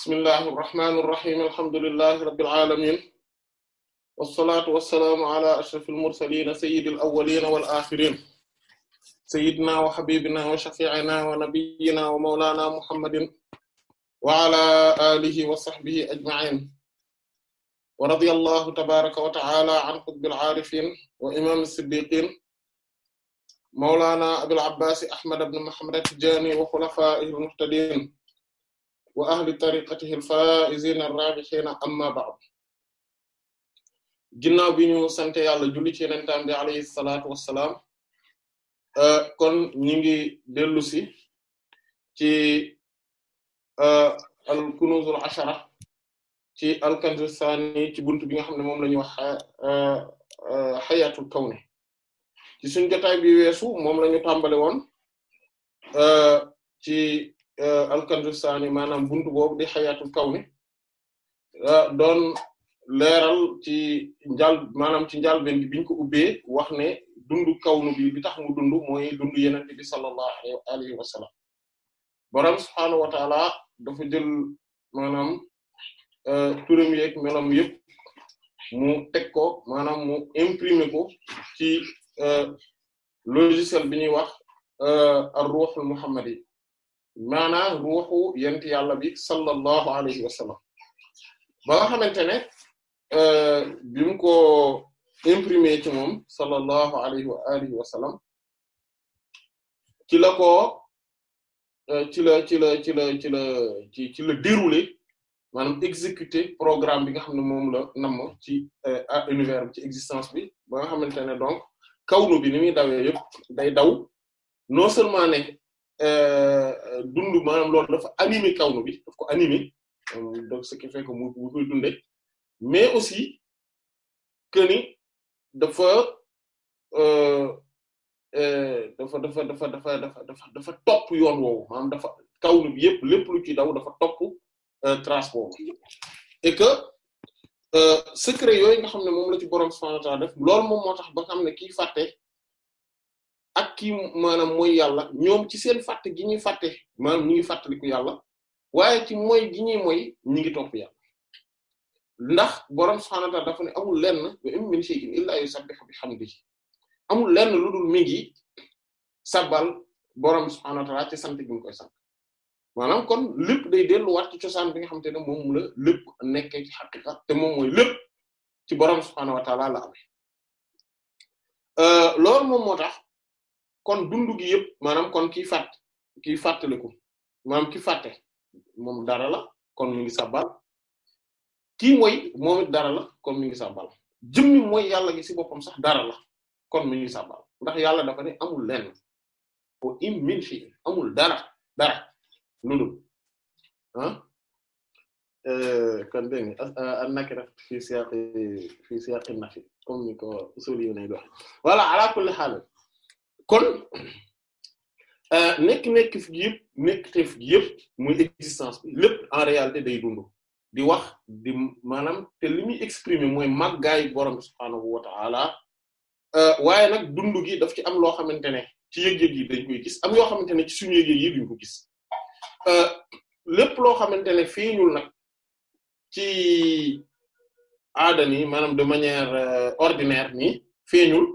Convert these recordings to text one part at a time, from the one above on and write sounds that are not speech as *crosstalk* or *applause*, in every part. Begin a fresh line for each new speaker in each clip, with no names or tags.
bismillahi irrahmani irrahim alhamdulilahi rabilalamin wasalaatu wasalaamu
ala ashraf almursalina sayidi alawalina walaxirin sayidna wa xabibina wa shafiina wa nabiyina wa maulana muhammadin wa ala alihi wa saxbihi ajmain wa radi allahu tabaraka wa taala an qutbil aarifin wa imam siddiqin maulana abil abbasi ahmad ibn muhammad at-tijani wa xulafaihi almuhtadin wa ahli tariqatihi al-faa'iziina ar-raabihiina amma ba'd ginnaaw bi ñu sant yàlla julli ci yenentaan bi alayhi salaatu wassalaam euh, kon ñu ngi dellu si ci euh, al kunuzul ashara ci al ci buntu bi nga xam ne moom la ñuy wax euh, hayatul kawni ci suñ jotaay bi weesu moom la ñu tàmbale ci Uh, al-Kanzustani maanaam buntu boobu di xayaatul kawni uh, doon leeral ci njal maanaam ci njàlbeen bi biñ ko ubbee wax ne dundu kawnu bi bi tax mu dund mooy dundu yeneen bi sallallahu alayhi wa sallam borom subhaanahu dafa jël maanaam uh, turam yeeg melam yëpp mu teg ko maanaam mu imprimer ko ci logiciel bi ñuy wax ar-ruhul muhammadi maanaam ruuxu yent yàlla bi sallallahu alayhi wa sallam ba nga xamante ne euh, bi mu ko imprimé ci moom sallallahu alayhi wa alihi ci la ko euh, ci la ci la ci la ci la ci ci la déroulé maanaam exécuté programme bi nga xam ne moom la namm ci euh, univers bi ci existence bi ba nga xamante ne donc kawnu bi ni muy dawee yëpp day daw non seulement ne Euh, dund maanaam loolu dafa animé kawnu bi daf ko animé euh,
donc ce qui fait que mais aussi que dafa dafa euh, dafa dafa dafa dafa dafa
dafa dafa topp yoon woowu bi yëpp lépp lu ci daw dafa topp trace boobu et que secret yooyu nga xam ne moom la ci boroom def loolu moom moo tax ba xam ne kiy fàtte kii maanaam mooy yàlla ñoom ci seen fàtte gi ñuy fàtte maanaam ñu ngi fàttaliku yàlla waaye ci mooy gi ñuy mooy ñu ngi topp yàlla ndax borom subhaanahu wa ta'aala ne amul lenn wa in min shay'in illaa yusabbihu bihamdihi amul lenn lu dul mi ngi sabbal borom subhaanahu wa ta'aala ci sant gi koy sant maanaam kon lépp day delluwaat ci cosaan bi nga xamante ne moom la lépp ci xaqiqa te moom mooy lépp ci borom subhaanahu wa la amee euh, loolu moom moo tax. kon dund gi yëpp maanaam kon kii fàtt kii fàttaliku maanaam ki fàtte moom dara la kon mi ngi sabbal kii mooy dara la kon mi ngi sabbal jëmmi mooy yàlla gi ci boppam sax dara la kon mi ngi sabbal ndax yàlla dafa ne amul lenn o im min fi amul dara dara loolu ah euh, kon dégg nga euh, nakira fi siyaqi fi siyaqi nafi comme ni ko usul yi nay dox voilà ala kulli kon nekk-nekk euh, fi yëpp nekkteef gi yëpp muy existence bi lépp en réalité day dund di wax di maanaam te li muy exprimer mooy màggaay borom bi subhaanahu wa ta'ala euh, waaye nag dund gi daf ci am loo xamante ne ci yëg-yëg yi dañ koy gis am yoo xamante ne ci suñu yëg-yëg yi duñ ko gis euh, lépp loo xamante ne feeñul nag ci aada ni maanaam de manière ordinaire ni feeñul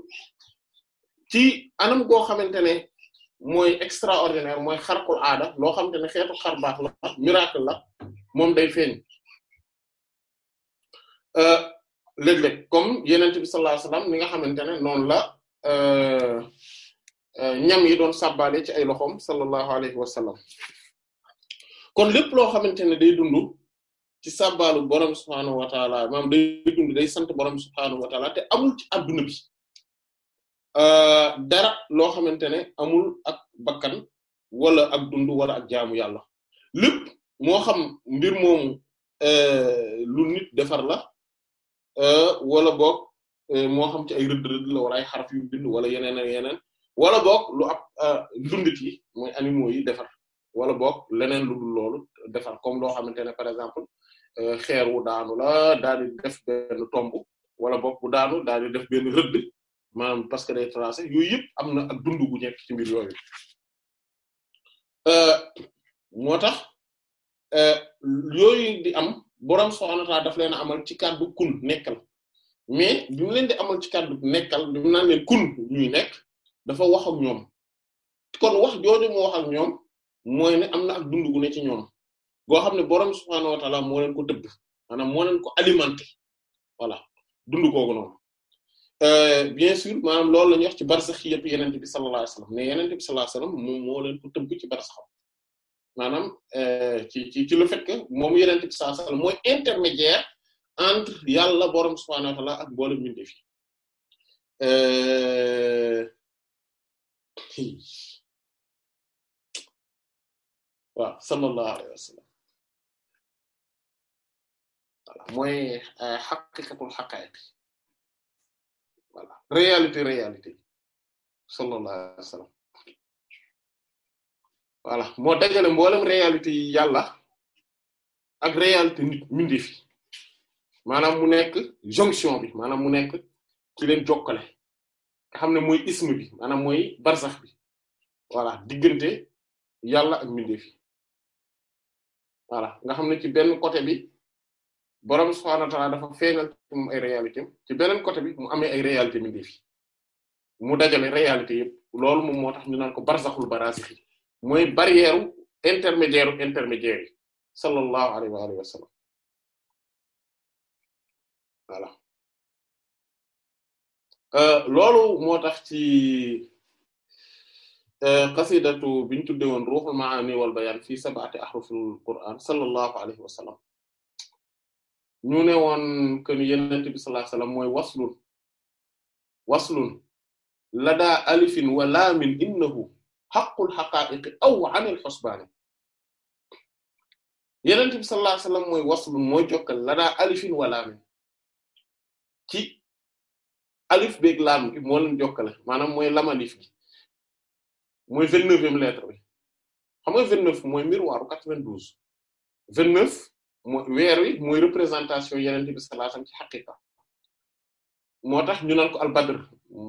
ci anam goo xamante ne mooy extraordinaire mooy xarqul aada loo xamante ne xeetu xar baax la miracle la moom day feeñ euh, léeg-léeg comme yenent bi sallallahu alayhi wasallam ni nga xamante ne noonu la euh, euh, ñam yi doon sàbbaale ci ay loxoom sallallahu alayhi wa kon lépp loo xamante ne day dund ci sàbbaalu borom subhaanahu wa taala maanaam day dund day sant borom subhaanahu wa taala te amul ci adduna bi Euh, dara loo xamante ne amul ak bakkan wala ak dund wala ak jaamu yàlla lépp moo xam mbir moomu euh, lu nit defar la euh, wala boog moo xam ci ay rëdd rëdd la wala ay xaraf yu bind wala yeneen ak yeneen wala boog lu ab dundit yi mooy animaux yi defar wala boog leneen lu dul loolu defar kom loo xamante ne par exemple xeer wu daanu la daal di def benn tomb wala bok bu daanu daal di def benu rëdd maanaam parce que day tracé yooyu yëpp am na ak dund gu nekk ci mbir yooyu euh, moo tax euh, yooyu di am borom subhaanahu wa daf leen a amal ci kàddu kun nekkal mais bi mu leen di amal ci kàddu nekkal bi mu naan leen kun ñuy nekk dafa wax ak ñoom kon wax jooju moo wax ak ñoom mooy ne am na ak dundu gu ne ci ñoom boo xam ne borom subhaanahu wa ta'aala moo leen ko dëbb maanaam moo leen ko alimenté voilà dund googu noonu. Euh, bien sûr maanaam loolu la ñuy wax ci barsax yëpp yeneen bi sallallahu alayhi wasallam yeneen bi sallallahu alayhi moom moo leen ko tënk ci barsaxam maanaam euh,
mooy intermédiaire entre yàlla borom subhaanahu wa ak mboolem mbindeef yi euh, waaw sallallahu alayhi mooy xaqiqatul xaqaa'iq voilà réalité réalité sallallahu alayhi wa sallam voilà moo dajale mboolem réalité yi yàlla ak réalité
nit mindi fi maanaam mu nekk jonction bi maanaam mu nekk ci leen jokkale nga xam ne mooy isme bi maanaam mooy barsax bi voilà diggante yàlla ak mbindeef yi voilà nga xam ne ci benn côté bi borom subhaanahu wa dafa feeñal ci ay réalité ci beneen côté bi mu amee ay réalité mi ngi mu dajale réalité yëpp loolu moom moo tax ñu naan ko barzaxul barazix yi
mooy barrière intermédiaire intermédiaire yi sallallahu alayhi wa alihi wa sallam voilà euh, loolu moo tax ci euh, qasidatu
biñ tudde woon ruuxul maani wal bayaan fii sab'ati ahrufil qur'aan sallallahu alayhi wa sallam ñu ne woon que ni yenent mooy waslun waslun ladaa alifin wa laamin innahu xaqul xaqaa'iqi
aw anil xusbaani yenent bi sallallahu alayhi mooy waslun mooy jokkal ladaa alifin wa laamin ci
alif beeg laam bi jokkale maanaam mooy lamalif gi mooy vingt-neuvième lettre bi xam nga vingt-neuf mooy miroiru quatre-vingt-douze vingt-neuf mooy weer wi mooy représentation yeneen bi sallallahu alayhi wasallam ci xaqiqa moo tax ñu naan ko albadr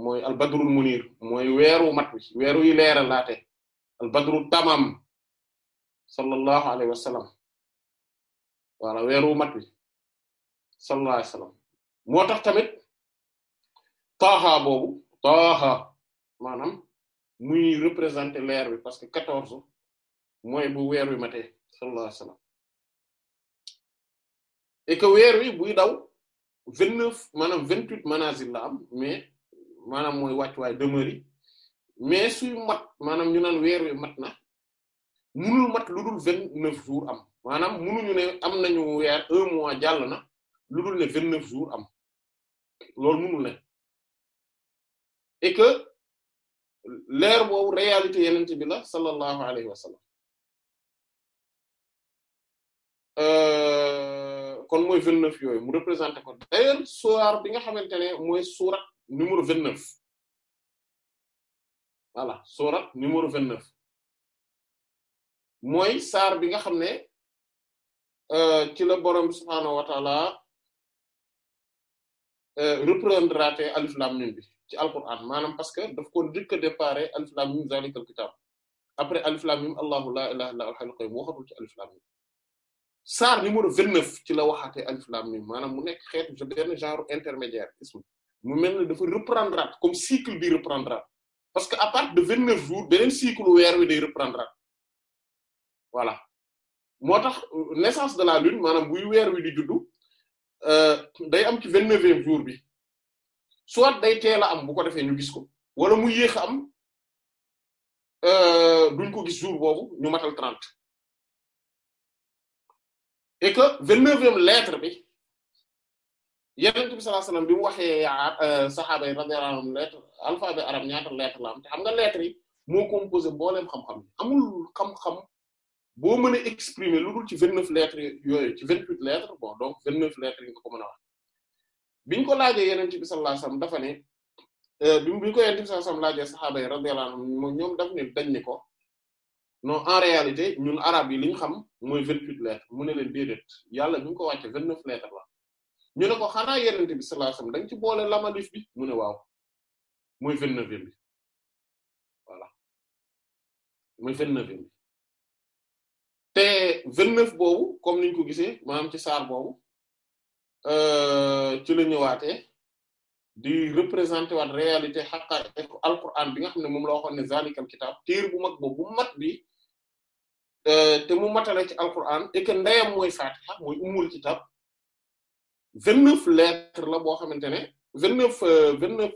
mooy albadrul munir mooy weeru mat wi weer wi leeral laate
albadru tamam sallallahu alayhi wasallam wala weeru mat wi sallallahu moo tax tamit
taaha boobu taaha maanaam muy représenter leer bi parce que
quatorze mooy bu weer wi matee sallallahu alayhi et weer wi buy daw vingt neuf maanaam vingt huit manazil la am mais
maanaam mooy wàccuwaay demeure yi mais suy mat maanaam ñu naan weer wi mat na mënul mat lu dul vingt neuf jours am maanaam mënuñu ne am nañu weer
un mois jàll na lu dul ne vingt neuf jours am loolu mënul ne et leer boobu réalité yenent bi la sallallahu alayhi wa
kon mooy vingt neuf yooyu mu représenté ko d'ailleurs soir bi nga xamante ne mooy surat numéro
vingt neuf voilà surat numéro vingt neuf mooy saar bi nga xam ne euh, ci la boroom subhaanahu wa taala euh, reprendre alif lam
mim bi ci alquran maanaam parce que daf ko njëkk a déparé alif lam mim zalikal kitab après alif lam allahu la ilaha illa huwal hayyul qayyum waxatul ci alif lam saar numéro 29 ci la waxaatee alif lam mim maanaam mu nekk xeetu benn genre intermédiaire ismu mu mel ne dafa reprendre comme cycle bi reprendre parce que à partir de 29 jours beneen cycle weer wi day reprendre voilà moo tax euh, naissance de la lune maanaam buy weer wi di juddu euh, day am ci 29e jour bi soit day
teel a am bu ko defee ñu gis ko wala mu yéex a am euh, duñ ko gis jour boobu ñu matal 30. et que vingt-neuvième lettre bi yenent bi sallallahu alayhi wasallam bi mu waxee euh, saxaaba yi
radiyallahu anhum lettre alphabet arab ñaata lettre la am te xam nga lettre yi moo composé mbooleem xam-xam amul xam-xam boo mën a exprimer lu dul ci vingt-neuf lettres yooyu ci vingt-huit lettres bon donc vingt-neuf lettres yi nga ko mën wax biñ ko laajee yeneen bi sallallahu alayhi wasallam dafa ne euh, bi ñu ko yenent bi sallallahu alayhi wasallam laajee saxaaba yi radiyallahu anhum ñoom daf ne dañ ni ko non en réalité ñun arab yi li xam mooy vingt huit lettres mu ne leen déedéet yàlla bi
ko wàcce vingt neuf lettres la ñu ne ko xanaa yenente bi sallallahu alayhi wasallam da nga ci boole lamalif bi mu ne waaw mooy vingt neuf bi voilà mooy vingt neuf bi te vingt neuf boobu kom niñ ko gisee maanaam ci saar boobu euh, ci la ñëwaatee di représenter
waat réalité xaqaa'iq alquran bi nga xam ne moom la waxoon ne zalikal kitab téer bu mag boobu bu mat bi euh, te mu matale ci alquran et que ndeyam mooy fatiha mooy ummul kitab vingt neuf lettres la boo xamante ne vingt neuf euh,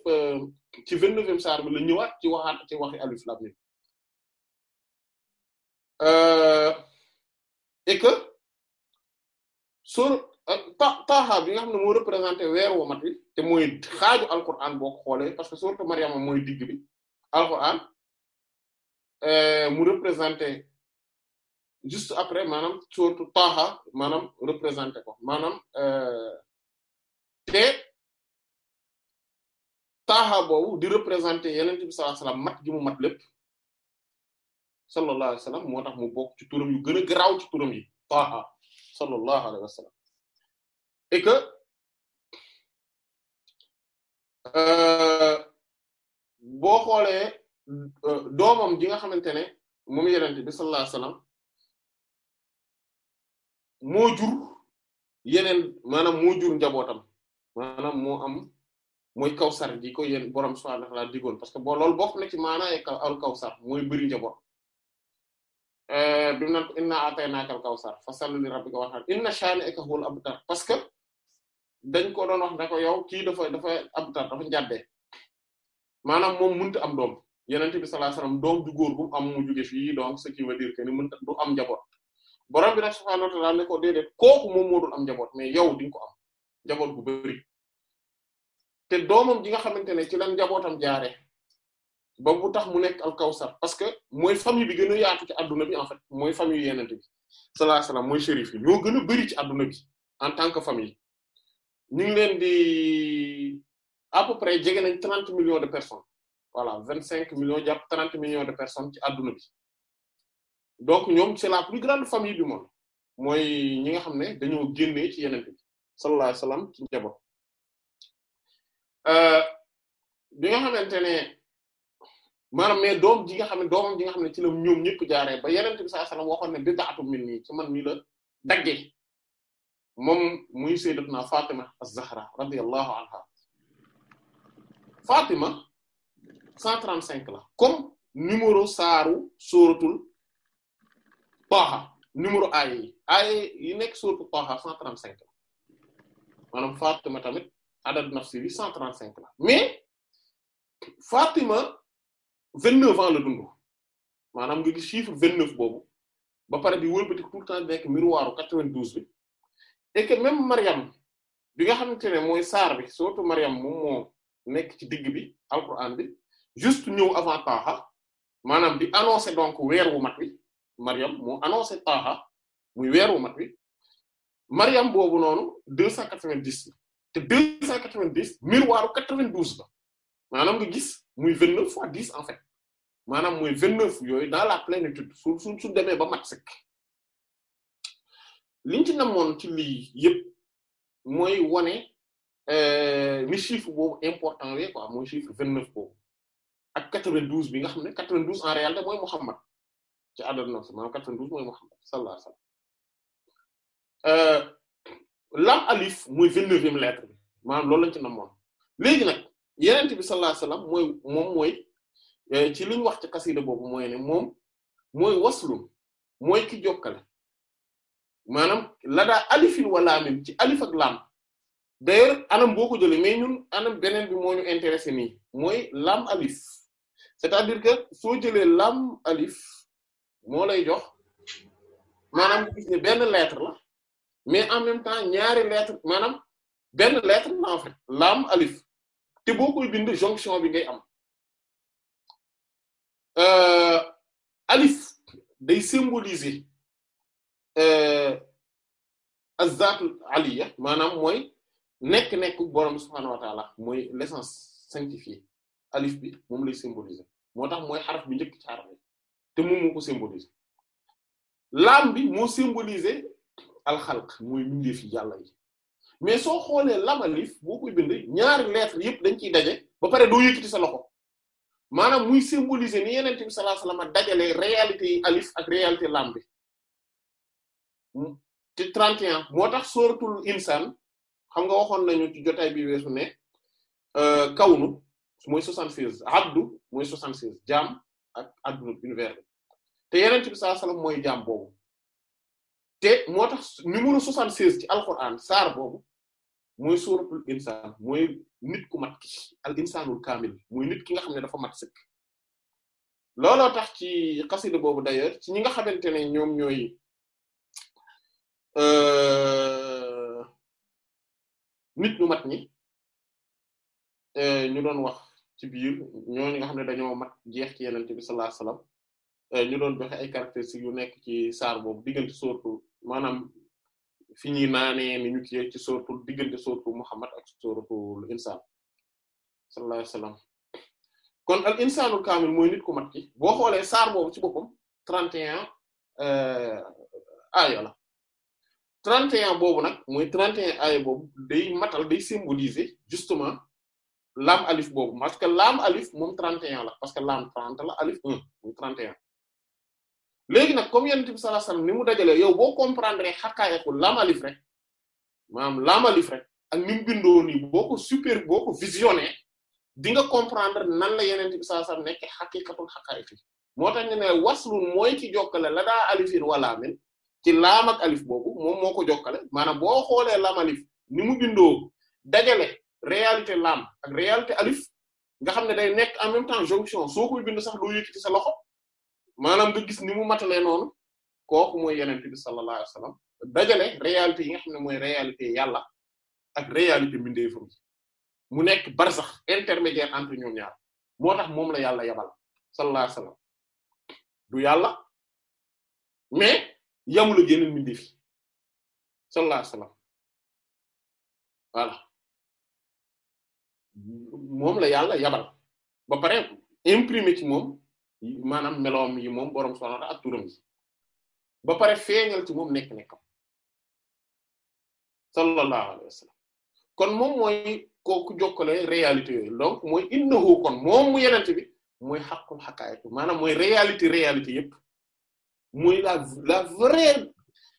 euh, ci vingt saar bi la ñëwaat ci waxaat ci waxi alif lam mim et que
sur taaha bi nga xam ne moo représenté weer wu mat wi te mooy xaaju alquran boo ko xoolee parce que surtout Mariama mooy digg bi alquran euh, mu
représenté juste après maanaam surtout taaha maanaam représenté ko maanaam euh, te taaha boobu di représenté yeneen bi sallallahu alayhi mat gi mu mat lépp sallallahu alayhi wasallam moo tax mu bokk ci turam yu gën a garaaw ci turam yi taaha sallallahu alayhi et que euh, boo xoolee euh, doomam ji nga xamante ne moom yenente bi sallallahu alayhi wasallam moo jur yeneen maanaam moo jur njabootam maanaam moo am mooy kawsar ji
ko yéen borom subhanahu wa ta'ala digoon parce que bo loolu bokk na ci maanaam ay al kawsar mooy bëri njaboot euh, bi mu naan ko inna ataynaaka al kawsar fasalli li rabbika wanhar inna shani'aka huwal abtar parce que dañ ko doon wax ne ko yow kii dafa dafa abtar dafa njàddee maanaam moom mënta am doom yenente bi sallallahu alayhi wasallam doom ju góor bu am mu jóge fii donc ce qui veut dire que ni mënta du am njaboot borom bi nag subhaanahu wa ta'aala ne ko déedéet kooku moom moo am jaboot mais yow di ko am njaboot bu bari te doomam ji nga xamante ne ci lan njabootam jaare ba bu tax mu nekk al kawsar parce que mooy famille bi gën a yaatu ci adduna bi en fait mooy famille yenente bi sallallahu alayhi wasallam mooy shérif yi ñoo gën a bari ci adduna bi en tant que famille ñu ngi leen di à peu près jege nañ trente millions de personnes voilà vingt cinq millions jàpp trente millions de personnes ci àdduna bi donc ñoom c'est la plus grande famille bi monde mooy ñi nga xam ne dañoo génnee ci yeneen bi sallallahu alayhi wasallam ci njaboot euh, bi nga xamante ne maanaam mais doom ji nga xam ne doomam ji nga xam ne ci la ñoom ñëpp jaaree ba yeneen bi sallallahu alayhi wasallam waxoon ne bid'atun minni ci man mii daggee moom muy sayyidatuna Fatima az-Zahra radiyallahu anha Fatima 135 la comme numéro saaru sóoratul Taha numéro aaya yi aaya yi nekk sóoratul Taha 135 la maanaam Fatima tamit adad nafsi bi cinq la
mais Fatima 29 ans la dund maanaam nga gis
chiffre 29 boobu ba pare bi wëlbati tout le temps nekk miroiru 92 bi. et que même Mariam bi nga xamante ne mooy saar bi surtout Mariam moom moo nekk ci digg bi alquran bi juste ñëw avant Taaha maanaam di annoncer donc weer wu mat wi Mariam moo annoncer Taaha muy weer wu mat wi Mariam boobu noonu deux cent quatre-vingt-dix te deux cent quatre-vingt-dix miroiru quatre-vingt-douze la maanaam nga gis muy vingt-neuf fois dix en fait maanaam muy vingt-neuf yooyu dans la plénitude su su su demee ba mat sëkk liñ ci namoon ci lii yëpp mooy wane euh, ni chiffre boobu important bi quoi mooy chiffre vingt neuf boobu ak quatre vingt douze bi nga xam ne quatre vingt douze en réalité mooy Muhammad ci àdduna si maanaam quatre vingt douze mooy Muhammad sallallahu alayhi euh, lam alif mooy vingt neuvième lettre bi maanaam loolu lañ ci namoon léegi nag yeneen bi sallallahu alayhi wasallam mooy moom euh, ci liñ wax ci kasida boobu mooy ne moom mooy waslum mooy ki jokkale maanaam la daa alifin walaamin ci alif ak laam d'ailleurs anam boo ko jëlee mais ñun anam beneen bi moo ñu intéressé nii mooy laam alif c'est-à-dire que soo jëlee laam alif moo lay jox maanaam gis benn lettre la mais en même temps ñaari lettre maanaam benn lettre la en alif te boo koy bind
jonction bi ngay am euh, alif day symboliser Euh, azzaatul
aliya maanaam mooy nekk-nekk borom subhaanahu wa taala mooy l'essence sanctifiée alif bi moom lay symboliser moo tax mooy xaraf bi njëkk ci xaraf bi te moom moo ko symboliser laam bi moo symboliser alxalq mooy mbindeef yi yàlla yi mais soo xoolee lam alif boo koy bind ñaari lettres yëpp dañ ciy daje ba pare doo yëkkati sa loxo maanaam muy symboliser ni yeneen bi sallallahu alayhi wasallam dajalee réalité yi alif ak réalité lam bi ci 31 moo tax sóoratul insaan xam nga waxoon nañu ci jotaay bi weesu ne euh, kawnu mooy 76 abdu mooy 76 jaam ak adduna univers te yeneen bi sallallahu alayhi mooy jaam boobu te moo tax numéro 76 ci alquran saar boobu mooy sóoratul insaan moy nit ku mat ki al insaanul kaamil mooy nit ki nga xam ne dafa mat sëkk looloo tax ci xasida boobu d'ailleurs
ci ñi nga xamante ne ñoom ñooy Euh, nit ñu mat ñi euh, ñu doon wax
ci biir ñooñu nga xam ne dañoo mat jeex ci yenente bi sallallahu alayhi wasallam euh, ñu doon joxe ay caractéristiques yu nekk ci saar boobu diggante sóortu maanaam fi ñuy naanee ni ñu kiyee ci sóortu diggante sóortu Muhammad ak sóortul insaan sallallahu alayhi wasallam kon al insaanul kaamil mooy nit ku mat ki boo xoolee saar boobu ci boppam 31 aaya la 31 boobu nag muy 31 aaya boobu day matal day symboliser justement laam alif boobu parce que laam alif moom 31 la parce que laam 30 la alif 1 muy léegi nag comme yonent bi sallallahu alayhi ni mu dajalee yow boo comprendre xaqaayiqu laam alif rek maanaam laam alif rek ak ni bindoo nii boo ko super boo ko visionné di nga comprendre nan la yonent bi sallallahu alayhi wasallam nekk xaqiiqatul xaqaayiq moo tax ñu waslun mooy ci jokkale la daa alifin wa ci laam ak alif boobu moom moo ko jokkale maanaam boo xoolee laam alif ni mu bindoo dajale réalité laam ak réalité alif nga xam ne day nekk en même temps jonction soo koy bind sax doo yëkkati sa loxo maanaam nga gis ni mu matalee noonu kook mooy yeneen bi sallallahu alayhi wasallam dajale réalité yi nga mooy réalité yàlla ak réalité mbindeefam mu nekk barsax intermédiaire
entre ñoom ñaar moo tax moom la yàlla yabal sallallahu alayhi wasallam du yàlla mais yamul ak yeneen mbindeef yi sallallahu alayhi moom la yàlla yabal ba pare imprimer ci moom maanaam meloom yi moom borom sonal ak
turam yi ba pare feeñal ci moom nekk nekkam sallallahu alayhi wasallam kon moom mooy kooku jokkale réalité yooyu donc mooy innahu kon moom mu yenente bi mooy xaqul xaqaayitu maanaam mooy réalité réalité yépp mooy la la vraie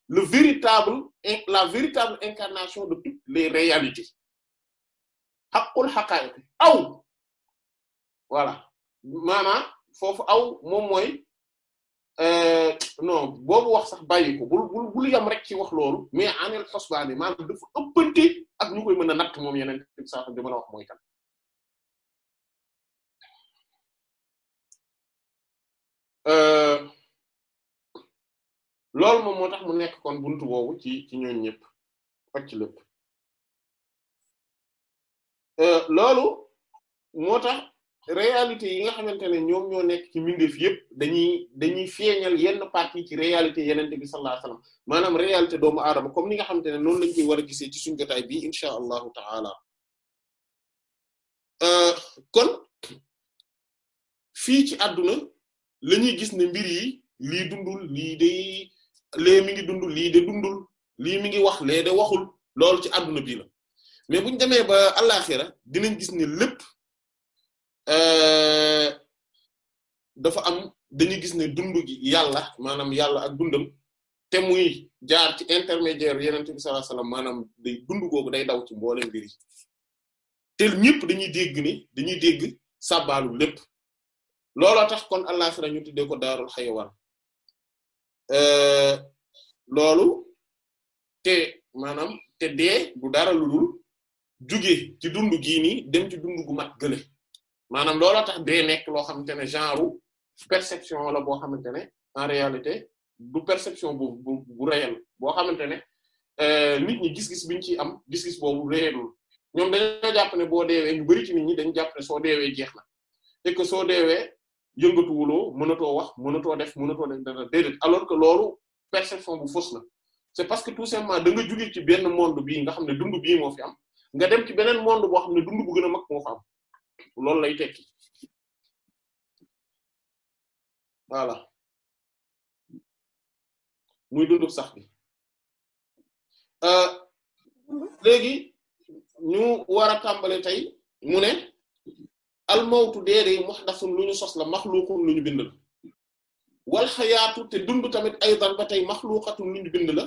le véritable la véritable incarnation de toutes les réalités xaqul xaqaayiq aw voilà maanaam foofu aw moom mooy euh, non boobu wax sax bàyyi ko bul bul yam rek ci wax loolu mais anel xosbaani maanaam
dafa ëppante ak ñu koy natt moom yenen i sax di mën a wax mooy kan. Euh, loolu moo tax mu nekk kon buntu ci ci ñoom ñëpp pàcc lépp euh, loolu
tax réalité yi nga xamante ne ñoom ñoo nekk ci mbindeef yëpp dañuy dañuy feeñal yenn partie ci réalité yenente bi sallallahu alayhi wasallam maanaam réalité doomu aadama comme ni nga xamante ne noonu lañ koy war a
gisee ci suñu jotaay bi insha allahu taala euh, kon fii ci àdduna la ñuy gis ne mbir yi lii
dundul lii day lee mi ngi dund lii de dundul lii mi ngi wax lee de waxul lool ci àdduna bii la mais bu jamee demee ba àllaaxira dinañ gis ne lépp euh, dafa am dañuy gis ne dund gi yàlla maanaam yàlla ak dundam te muy jaar ci intermédiaire yonent bi sallallahu alayhi wasallam maanaam dund googu day daw ci mboolem mbir yi te ñëpp dañuy dégg ni dañuy dégg sàbbaalu lépp looloo tax kon àllaaxira ñu tuddee ko daarul xayawaan Euh, loolu te maanaam te dee du dara lu juge ci dund gii nii dem ci dund gu mat gële maanaam looloo tax dee nekk loo xamante ne genre perception wala boo xamante ne en réalité du perception bu bu bu réel boo xamante ne euh, nit ñi gis-gis biñ ci am gis-gis boobu réelul ñoom dañoo jàpp ne boo deewee ñu bari ci nit ñi dañu jàpp ne soo deewee jeex na yëngatuwuloo mënatoo wax mënatoo def mënatoo def dara déedéet alors que loolu perception bu fausse na c'est parce que tout simplement da nga jóge ci benn monde bi nga xam ne dund bii moo fi am nga dem ci beneen monde boo xam ne dund bu gën a mag moo fa
lay tekki voilà muy dundu sax bi euh,
léegi ñu war a tàmbale tey mu ne al mawtu deede muhdathun lu ñu sos la maxluuqun lu ñu bind la wal xayaatu te dund tamit aydan ba tey maxluuqatun lu ñu bind la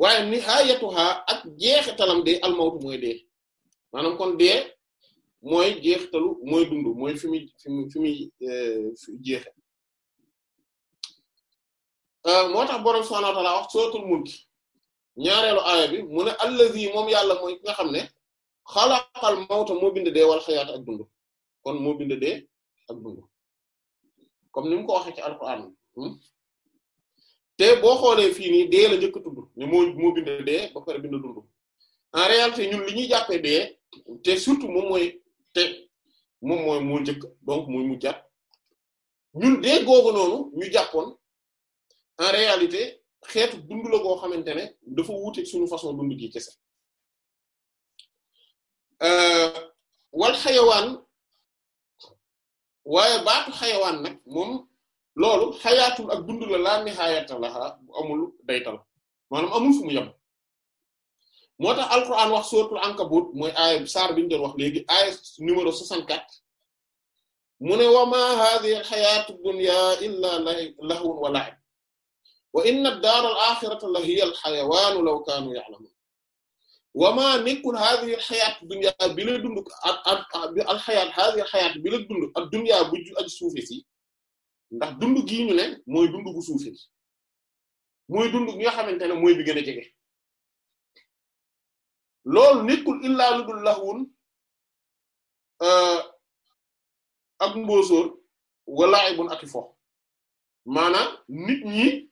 waaye nihaayatuha ak jeexitalam de al mawtu mooy dee maanaam kon dee mooy jeexitalu mooy dund mooy fi muy fi muy eh, jeexe euh, moo tax boroom subhaanahu wa ta'aala wax sootul ñaareelu aaya bi mu ne allazi moom yàlla mooy ki xam ne xalaqal mawta moo bind dee wal xayaatu ak dund kon moo bind dee ak dund comme ni ko waxee ci alquran hmm? te boo xoolee fii nii dee la njëkk a tudd ne moo moo bind dee ba pare bind dund en réalité ñun li ñuy jàppee dee te surtout moom mooy te moom mooy moo njëkk donc mooy mu jàpp ñun dee googu noonu ñu jàppoon en réalité xeetu dund la goo xamante ne dafa wuute suñu façon dund gi kese
euh, wal xayawaan waaye baatu xayawaan nag moom loolu xayaatul ak dund la
laa nihaayata laha bu amul daytal maanaam amul fu mu moo tax alquran wax suratul ankabut mooy aaya saar bi ñu doon wax léegi aaya numéro mu ne wa ma hadhihi alxayatu dunya illa lahwun wa la'ib wa inna ad-dara la hiya al law kanu ya'lamun wama nekkul hadhihi alxayaat dunya bi la dund ak ak alxayaat hadhihi alxayaat
bi la dund ak dunya bu ju ak suufe si ndax dund gii ñu ne mooy dund bu suufe si mooy dund gi nga xamante ne mooy bi gën a jege loolu nekkul illaa lu dul laxwun euh, ak mbóosóor walaay bun ak i fo nit
ñi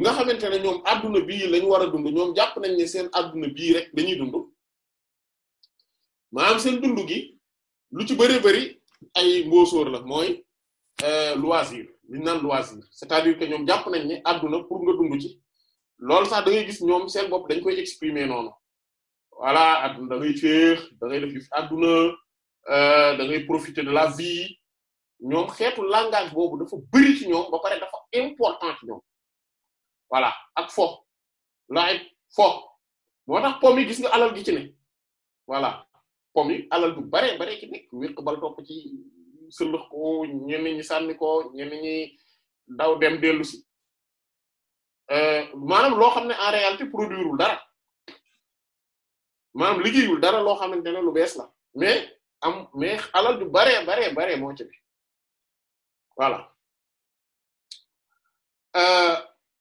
nga xamante ne ñoom adduna bii lañ war a dund ñoom jàpp nañ ne seen adduna bii rek dañuy dund maanaam seen dund gi lu ci bëri bëri ay mbóosóor la mooy euh, loisir li ñu naan loisir c'est-à-dire que ñoom jàpp nañ ne adduna pour nga dund ci loolu sax da gis ñoom seen bopp dañ koy exprimer noonu voilà adduna da dangay féex da ngay def yëf adduna euh, da profiter de la vie ñoom xeetu langage boobu dafa bëri ñoom ba pare dafa important ñoom. voilà ak fo laay fo moo tax pom gis nga alal gi ci ne voilà pom alal du bare bare ci nekk wéq bal topp ci sëllëx ko ñenn sànni ko ñenn daw dem dellu si euh, maanaam loo xam ne en réalité produirewul dara
mam liggéeyul dara loo xamante ne lu bees la mais am mais alal du bare bare bare moo ci ne voilà. Euh,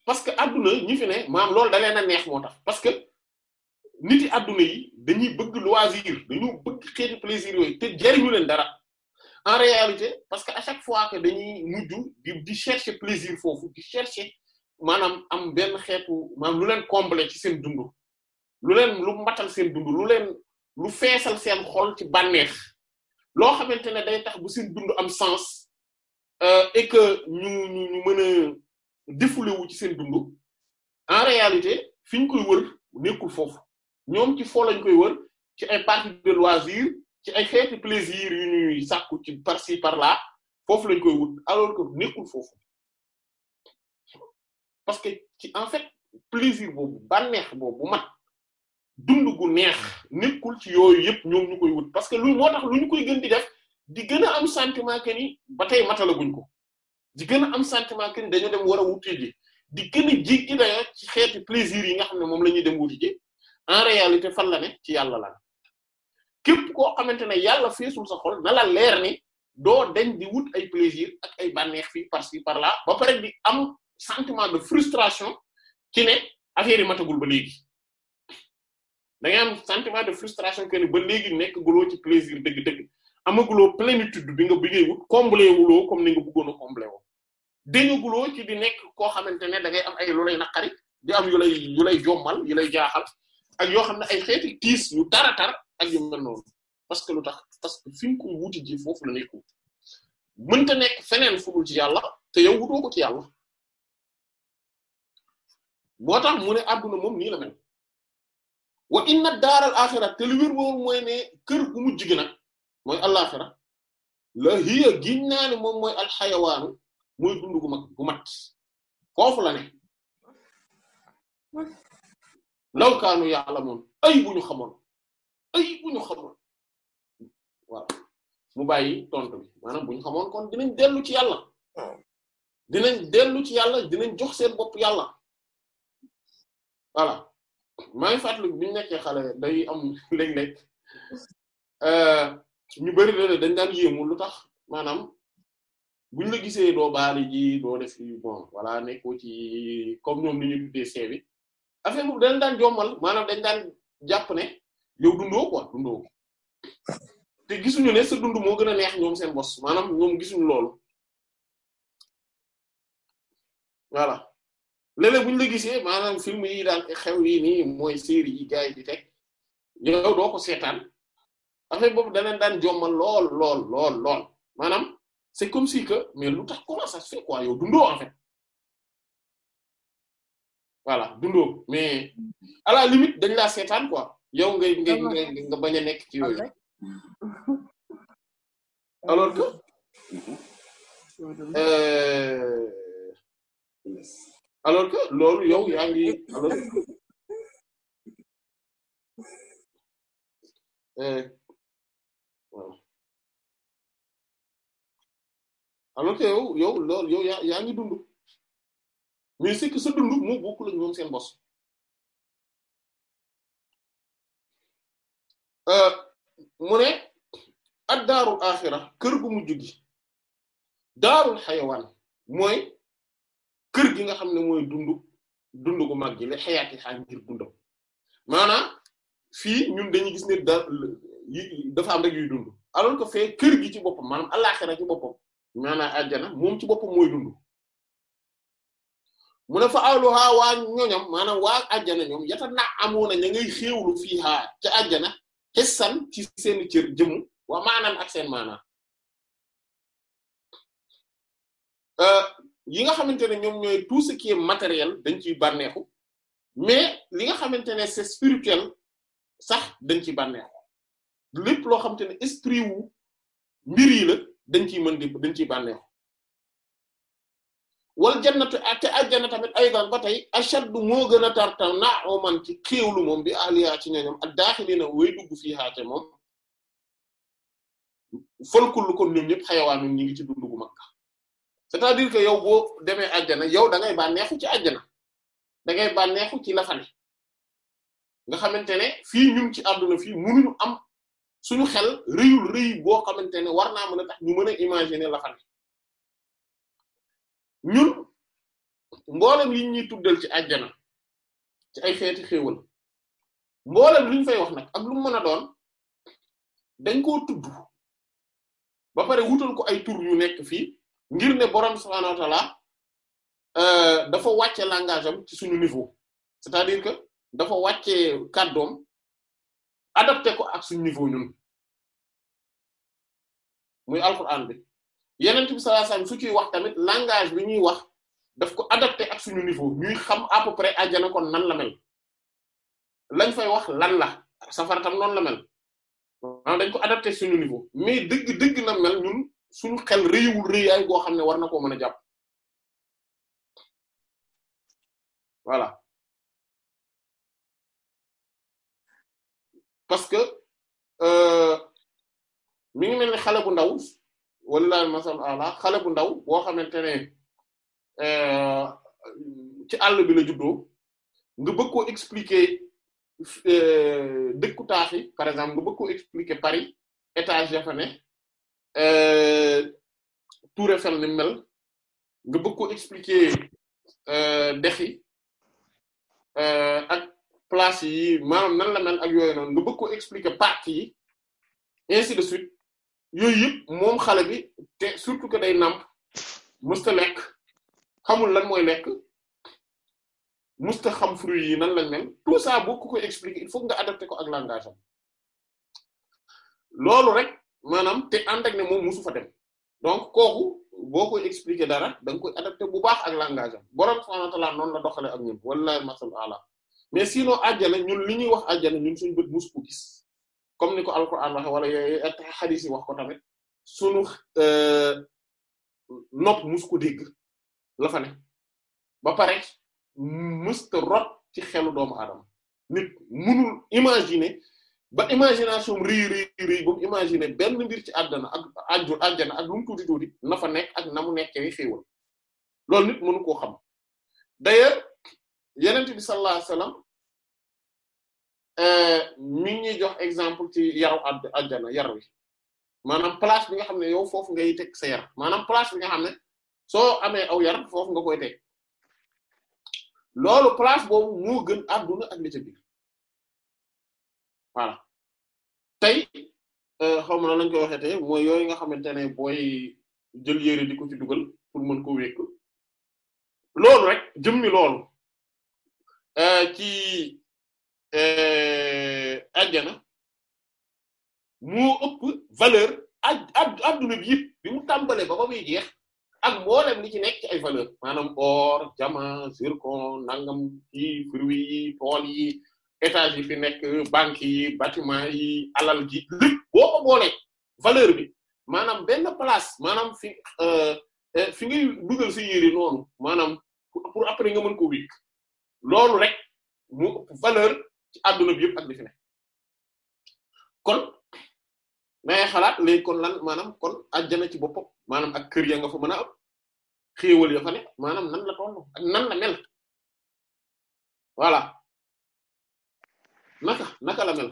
parce que adduna ñi fi ne maam loolu da leen a neex moo parce que
nit yi adduna yi dañuy bëgg loisir dañu bëgg xeetu plaisir yooyu te jariñu leen dara en réalité parce que à chaque fois que dañuy mujj di di chercher plaisir foofu di chercher maanaam am benn xeetu maanaam lu leen combler ci seen dund lu leen lu matal seen dund lu leen lu feesal seen xol ci bànneex loo xamante ne day tax bu seen dund am sens euh, et que ñu ñu ñu mën a défoulé ci seen dund en réalité fi ñu koy wër nekkul foofu ñoom ci foo lañ koy wër ci ay parties de loisir ci ay xeeti plaisir yu ñuy
sàkku ci par ci par là foofu lañ koy wut alors que nekkul foofu parce que ci en fait plaisir boobu bànneex boobu mat
dund gu neex nekkul ci yooyu yëpp ñoom ñu koy wut parce que lu moo tax lu ñu koy gën di def di gën a am sentiment que ni ba tey matalaguñ ko di gën a am sentiment que ni dañu dem war a wuti ji di gën a jéggi dayoo ci xeeti plaisir yi nga xam ne moom la ñuy dem wuti ji en réalité fan la ne ci yàlla la képp koo xamante ne yàlla feesul sa xol nala leer ni doo dañ di wut ay plaisir ak ay bànneex fii parce que par là ba pare di am sentiment de frustration ci ne affaire yi matagul ba léegi da ngay am sentiment de frustration que ba léegi nekk guloo ci plaisir dëgg-dëgg amaguloo plénitude bi nga bi ngay wut comblé wuloo comme nga bëggoon a comblé dañuguloo ci di nekk koo xamante ne da am ay lu lay naqari di am yu lay yu lay jommal yu lay jaaxal ak yoo xam ne ay xeeti tiis yu tara tar ak yu mel noonu parce que lu tax parce que fi ñu koy wuti ji
foofu la nekk mënta nekk feneen fu dul ci yàlla te yow wutoo ci yàlla boo tax mu ne àdduna moom nii la mel wa inna daaral axira te lu wér boobu mooy ne kër gu mujj gi nag mooy àllaxira
la hiya giñ naa ne moom mooy alxayawaanu mooy dund gu mag gu mat foofu la ne law kaanu ya'lamun ay bu ñu
ay bu ñu xamoon
mu bàyyi tontu bi maanaam bu ñu xamoon kon dinañ dellu ci yàlla dina dellu ci yàlla dinañ jox seen bopp yàlla voilà maa ngi fàttali bi ñu nekkee xale day am *laughs* léeg-léeg euh, ñu bari la dañ daan yéemu lu tax maanaam buñ la gisee doo baali ji doo def li bon wala nekkoo ci comme ñoom li ñu tuddee seebi affaire boobu dañ daan jommal maanaam dañ daan jàpp ne yow dundoo quoi dundoo te gisuñu ne sa dund moo gën a neex ñoom seen bos maanaam ñoom gisuñu lool voilà léeg buñ la gisee maanaam film yi daal xew yi nii mooy série yi gars yi di teg yow doo ko seetaan affaire boobu danañ daan jommal lool lool lool lool c'est comme si que mais lu tax comment ça se yow dundoo en fait voilà dundoo mais à la limite dañ laa seetaan quoi yow ngay ngay ah nga bañ nekk ci ah yooyu *laughs*
alors que mm-hmm. euh, alors que loolu yow yaa ngi alors *laughs* euh, a ah que yow yow loolu yow yaa yaa ngi dund mais c'est que sa dund ak ñoom seen bos euh, mu ne ad daarul kër gu mujj gi daarul xayawaan mooy
kër gi nga xam ne mooy dund dund gu mag gi la xayaati xaa ngir dundam maanaam fii ñun dañuy gis ne da dafa am rek yuy dund alors ko fee kër gi ci boppam maanaam alaxira ci boppam maanaam àjjana moom ci boppam mooy dund mu ne fa ahluhaa wa ñoñam maanaam waa àjjana ñoom yata na amoon na ña ngay xéewlu
fiiha ca àjjana xessan ci seeni cër jëmu wa maanaam ak seen maanaam euh, yi nga xamante ne ñoom ñooy tout ce qui est matériel dañ ciy bànneexu mais li nga xamante ne c'est spirituel sax dañ ci bànneexu lépp loo xamante ne esprit wu mbir yi la dañ ci mën di dañ ciy bànneex wal jannatu
te ajjana tamit aydan ba tey ashaddu moo gën a tartaw naa man ci xéewlu moom bi ahliya ci ñoñom ak daaxilina way dugg fii xaate moom falkullu kon ñoom ñëpp xayawaanum ñi ngi ci dundu gu mag c'est-à-dire yow boo demee ajjana yow dangay ngay bànneexu ci ajjana da ngay bànneexu ci la ne nga xamante ne fii ñun ci àdduna fii mënuñu am suñu xel rëyul rëy boo xamante ne war
naa mën a tax ñu mën a imaginer la xam ñun mboolem liñ ñuy tuddal ci àjjana ci ay xeeti xéewal mboolem liñ fay wax nag ak lu mën a doon dañ ko tudd
ba pare wutal ko ay tur yu nekk fii ngir ne borom subhaanahu
euh, dafa wàcce langage ci suñu niveau cest à que dafa wàcce kàddoom adapté ko ak suñu niveau ñun muy alquran bi yeneen ti sallallahu alayhi wasallam su ciy wax tamit langage bi ñuy wax def ko
adapté ak suñu niveau ñuy xam à peu près nan la mel lañ fa wax lan la safara tam noonu la mel maanaam ah, dañ ko adapté suñu niveau mais dëgg dëgg na
mel ñun suñu xel rëyul rëyaay goo xam ne war na koo mën a jàpp voilà parce que. Euh, mi ngi mel ni xale bu ndaw
wallaahi masal allah xale bu ndaw boo xamante ne eh, ci àll bi la juddoo nga bëgg koo expliquer eh, dëkku taax par exemple nga bëgg koo expliquer Paris étage ya fa ne eh, Tour Eiffel ni mel nga bëgg ko expliquer dex yi ak place yi maanaam nan la mel ak yooyu noonu nga bëgg koo expliquer parc yi ainsi de suite. yooyu yëpp moom xale bi te surtout que day nàmp mësta lekk xamul lan mooy lekk mësta xam fruit yi nan lañ mel tout ça boo ko koy expliquer il faut nga adapté ko ak langage am loolu rek maanaam te ànd ak ne moom musu fa dem donc kooku boo koy expliquer dara da nga koy adapté bu baax ak langage am borom subhanahu wa laa noonu la doxale ak ñun wallahi masal ala mais sinon àjjana ñun li ñuy wax àjjana ñun suñu bët musu ko gis comme ni ko alquran waxe wala yooyu xadis yi wax ko tamit sunu euh, nopp mus ko dégg la ba pare musta rot ci xelu doomu aadama nit munul imaginer ba imagination rii rii rii ba mu benn mbir ci àddana ak àjju àjjana ak lu mu tuuti tuuti nekk ak na mu nekkee xéewal loolu nit mënu koo xam d'ailleurs yeneen bi sallallahu alayhi Euh, mi ngi ñuy jox exemple ci yaru àjjana yar wi maanaam place bi nga xam ne yow foofu ngay teg sa yar maanaam place bi nga xam ne soo amee aw yar foofu nga koy teg loolu place boobu moo gën àdduna ak li ci biir voilà tey euh, xaw ma na lañ koy te tey mooy yooyu nga xamante ne booy jël yére di ko ci dugal pour mën ko wékk loolu rek jëmmi loolu euh, ci ajjana eh, moo ëpp valeur ak adduna bi yëpp bi mu tàmbale ba ba muy jeex ak mboolem li ci nekk ci ay valeur maanaam or diamant zircon nangam yi fruits yi tool yi étage yi fi nekk banques yi bâtiment yi alal ji lépp boo ko valeur bi maanaam benn place maanaam fi euh, euh, fi ngay dugal sa yére noonu maanaam pour après nga mën ko wékk loolu rek mu valeur ci adduna bi yëpp ak li fi ne kon mais xalaat léegi kon lan maanaam kon
ajjana ci bopp maanaam ak kër ya nga fa mën a am fa ne maanaam nan la tollu nan la mel voilà naka naka la mel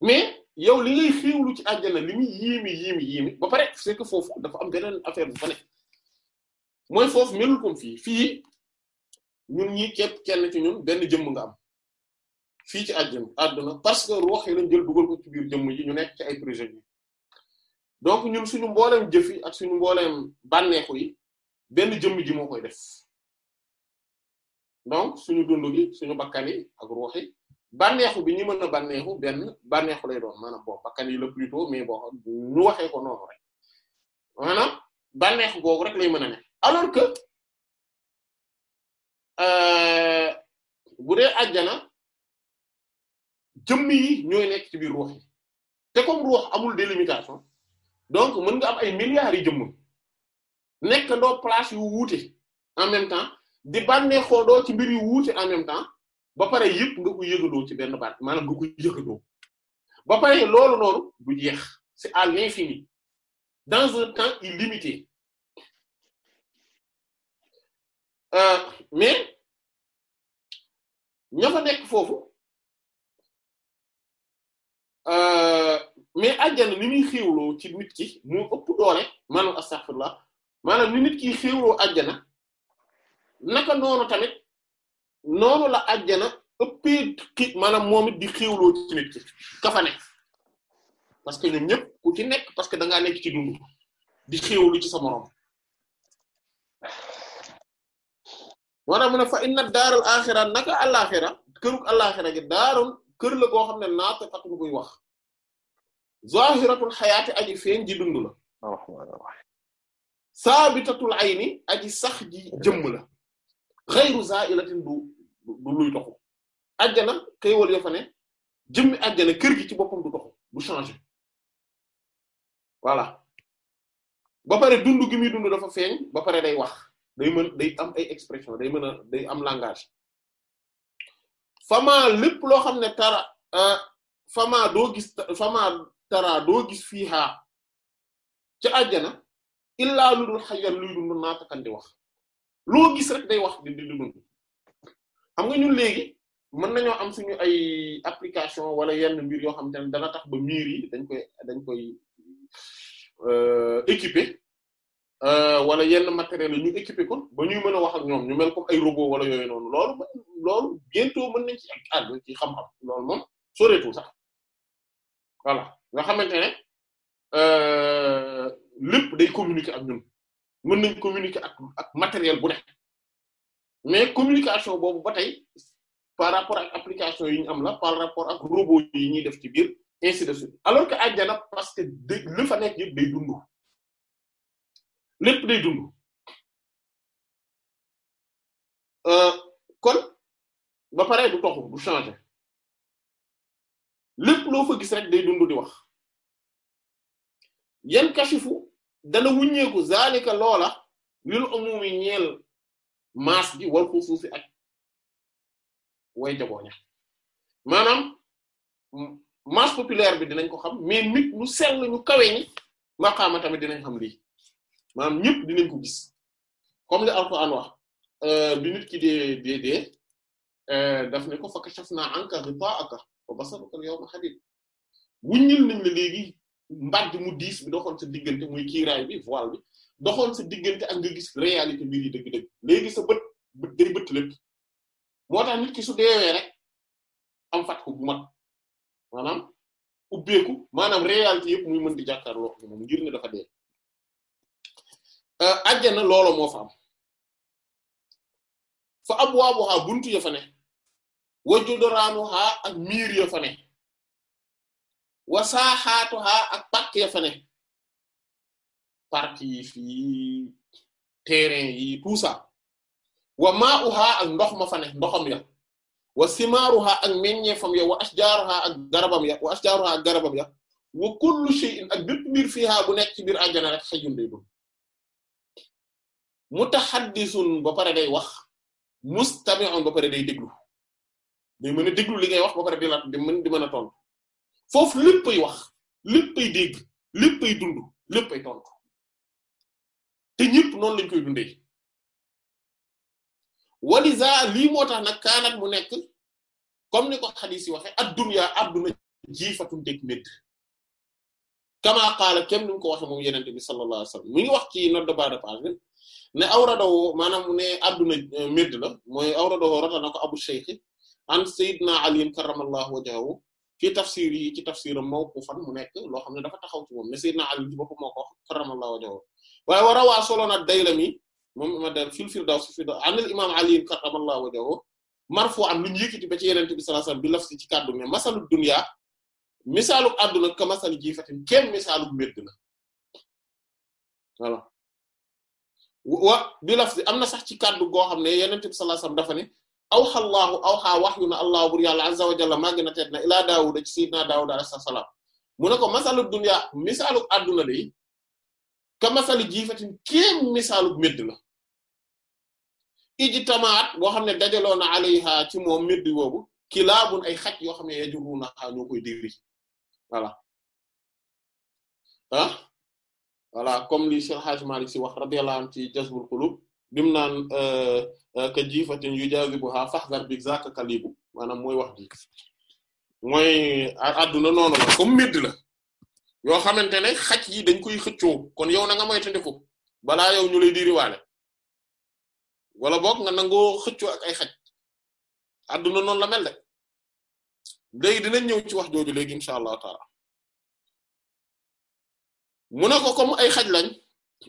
mais yow li ngay
xéewlu ci àjjana li muy yéemi yéemi yéemi ba pare dafa am beneen affaire bu fa ne mooy foofu melul comme fii fii ñun ñi képp kenn ci ñun benn jëmm nga am fii ci àdduna àdduna parce que ruux lañ jël dugal ko ci biir jëmm ji ñu nekk ci ay prisonniers donc ñun suñu mbooleem jëf ak suñu mbooleem bànneexu yi benn jëmm ji moo koy def donc suñu dund gi suñu bakkani ak ruux yi bànneexu bi ñi mën a bànneexu benn bànneexu lay doon maanaam bon bakkan yi la
plutôt mais bon ñu waxee ko noonu rek maanaam bànneexu googu rek lay mën a ne alors que. Euh, bu dee àjjana jëmm ñooy nekk ci biir ruux yi te comme
ruux amul délimitation donc mën nga am ay milliards yi jëmm nekk ndoo place yu wuute en même temps di bànnee xoodoo ci mbir yu wuute en même temps ba pare yëpp nga ko yëgadoo ci benn baat maanaam nga ko yëgadoo ba pare loolu noonu
du jeex c'est à l'infini dans un temps illimité euh mais ña fa nekk foofu euh, mais àjjana ni muy xéwloo ci nit ki mu ëpp doole maanaam astaghfirullah maanaam ni nit
ki xéwloo àjjana naka noonu tamit noonu la àjjana ëppee ki maanaam moom it di xéwloo ci nit ki ka fa nekk parce que ñun ñëpp ku ci nekk parce que da ngaa nekk ci dund di xéwlu ci sa moroom. wala mu ne fa inna daaral axira naka àllaaxira kërug àllaaxira gi daarun kër la boo xam ne naatiqatun buy wax zaahiratul xayaati aji feeñ ji dund la saabitatul ayni aji sax ji jëmm la xayru zaa'ilatin du du luy toxu ajjana xéewal yo fa ne jëmmi ajjana kër gi ci boppam du toxu du changer voilà ba pare dund gi muy dund feeñ ba pare day wax day mën day am ay expression day mën day am langage fama lépp loo xam ne tara euh, fama doo gis fama tara doo gis fiiha ca àjjana illaa lu dul xajar luy dund naatakan di wax loo gis rek day wax di di dund xam nga ñun léegi mën nañoo am suñu ay application wala yenn mbir yoo xam te ne dana tax ba miir yi dañ koy dañ koy euh, équipé Euh, wala yenn matériels yi ñu équipé ko ba ñuy mën a wax ak ñoom ñu mel ko ay robo wala yooyu noonu loolu loolu bientôt
mën nañ ci ak àgg ci xam-xam loolu moom soreetul sax voilà nga xamante ne euh, lépp de communiquer ak ñun mën nañ communiquer
ak ak matériel bu nekk mais communication boobu ba tey par rapport ak application yi ñu am la par rapport ak robot yi ñuy def ci biir ainsi de suite alors que àjjana
parce que li fa nekk yëpp day dund. lépp day dund euh, kon ba pare du toxu du changer lépp loo fa gis rek day dund di wax yan kashifu dana wuññeeku zalika loola lil umumi ñeel maas gi wal xusuusi ak
way jagooña maanaam masse populaire bi dinañ ko xam mais nit ñu sell ñu kawe ñi maqaama tamit dinañ xam lii maanaam ñëpp dinañ ko gis comme li Alxuraan wax euh, bi nit ki dee dee dee euh, daf ne ko fakashafnaa anka ghitaa'aka wa basaruka al-yawma hadiid wuññil nañ la léegi mbàjj mu diis bi doxoon sa diggante muy kiiraay bi voile bi doxoon sa diggante ak nga gis
réalité mbir dëgg-dëgg léegi sa bët bët day bët lépp moo tax nit ki su deewee rek am fat ko mat maanaam ubbeeku maanaam réalité yëpp muy mën di jàkkaarloo ak moom ngir ne dafa dee. ajjana euh, loola moo fa am fa abwaabuha buntu ya fa ne wa judraanuha ak miir ya fa ne wa saaxaatuha ak pàkk ya fa ne parc yi fii
terrain yi tout ça wa maa'uha ak ndox ma fa ne ndoxam ya wa simaaruha ak meññeefam ya wa ashjaaruha ak garabam ya wa ashjaaruha ak garabam ya wa kullu shay'in ak bépp mbir fiha bu nekk ci biir ajjana rek xajun day doon mutahaddisun ba pare day wax mustami'un ba pare day déglu day mën a déglu li ngay wax ba pare di la di mën di mën a tontu foofu léppay wax léppay
dégg léppay dund léppay tontu te ñëpp noonu lañ koy dundee waliza lii moo tax nag kaanat mu nekk comme ni ko xadis yi waxe ad-dunya adduna jiifatun dég médd
kama qaala kem ni mu ko waxe moom yenente bi sallallahu alayhi wasallam mi wax ki note de bas de ne awradahu maanaam ne adduna euh, medd la mooy awradahu rata na ko abu shaykh an sayyidina ali karramallahu wajhahu fi tafsir yi ci tafsiram mawqufan mu nekk loo xam ne dafa taxaw ci moom ne sayyidina ali ci boppam moo ko wax karramallahu wajhahu waaye wa rawaa soloon ad-daylami moom ma da fil firdaws fi an al imam ali karramallahu wajhahu marfu'an lu ñu yëkkati
ba ci yenente bi sallallahu alayhi bi laf si ci kàddu ne masalu dunya misaalu adduna ka masal jiifatin kenn misaalu medd la
wa bi lafzi am na sax ci kàddu goo xam ne yonent bi sallallahu dafa ne awxa Allahu awxa wahyu na Allahu bur yàlla azza wa jalla màgg na teet na ilaa Daawuda mu ne ko masalu dunya misalu adduna lay ka masali jiifatin kéem misaalu medd la iji tamaat boo xam ne dajaloo na alayha ci moom medd boobu kilaabun ay xaj yoo xam ne yajurunaha ñoo koy diri voilà ah voilà comme li Cheikh Hadj Malick si wax radiyallahu anhu ci jazbul qulub bim naan euh, euh, ka jiifatin yujazibuha fahdhar bi zaaka kalibu maanaam mooy wax ji mooy adduna noonu la comme mbedd la yoo xamante ne xaj yi dañ koy xëccoo kon yow na nga moytandiku balaa yow ñu lay diriwaale
wala boog nga nangoo xëccoo ak ay xaj adduna noonu la mel de léegi dinañ ñëw ci wax jooju léegi incha allahu taala mu ne ko comme ay xaj lañ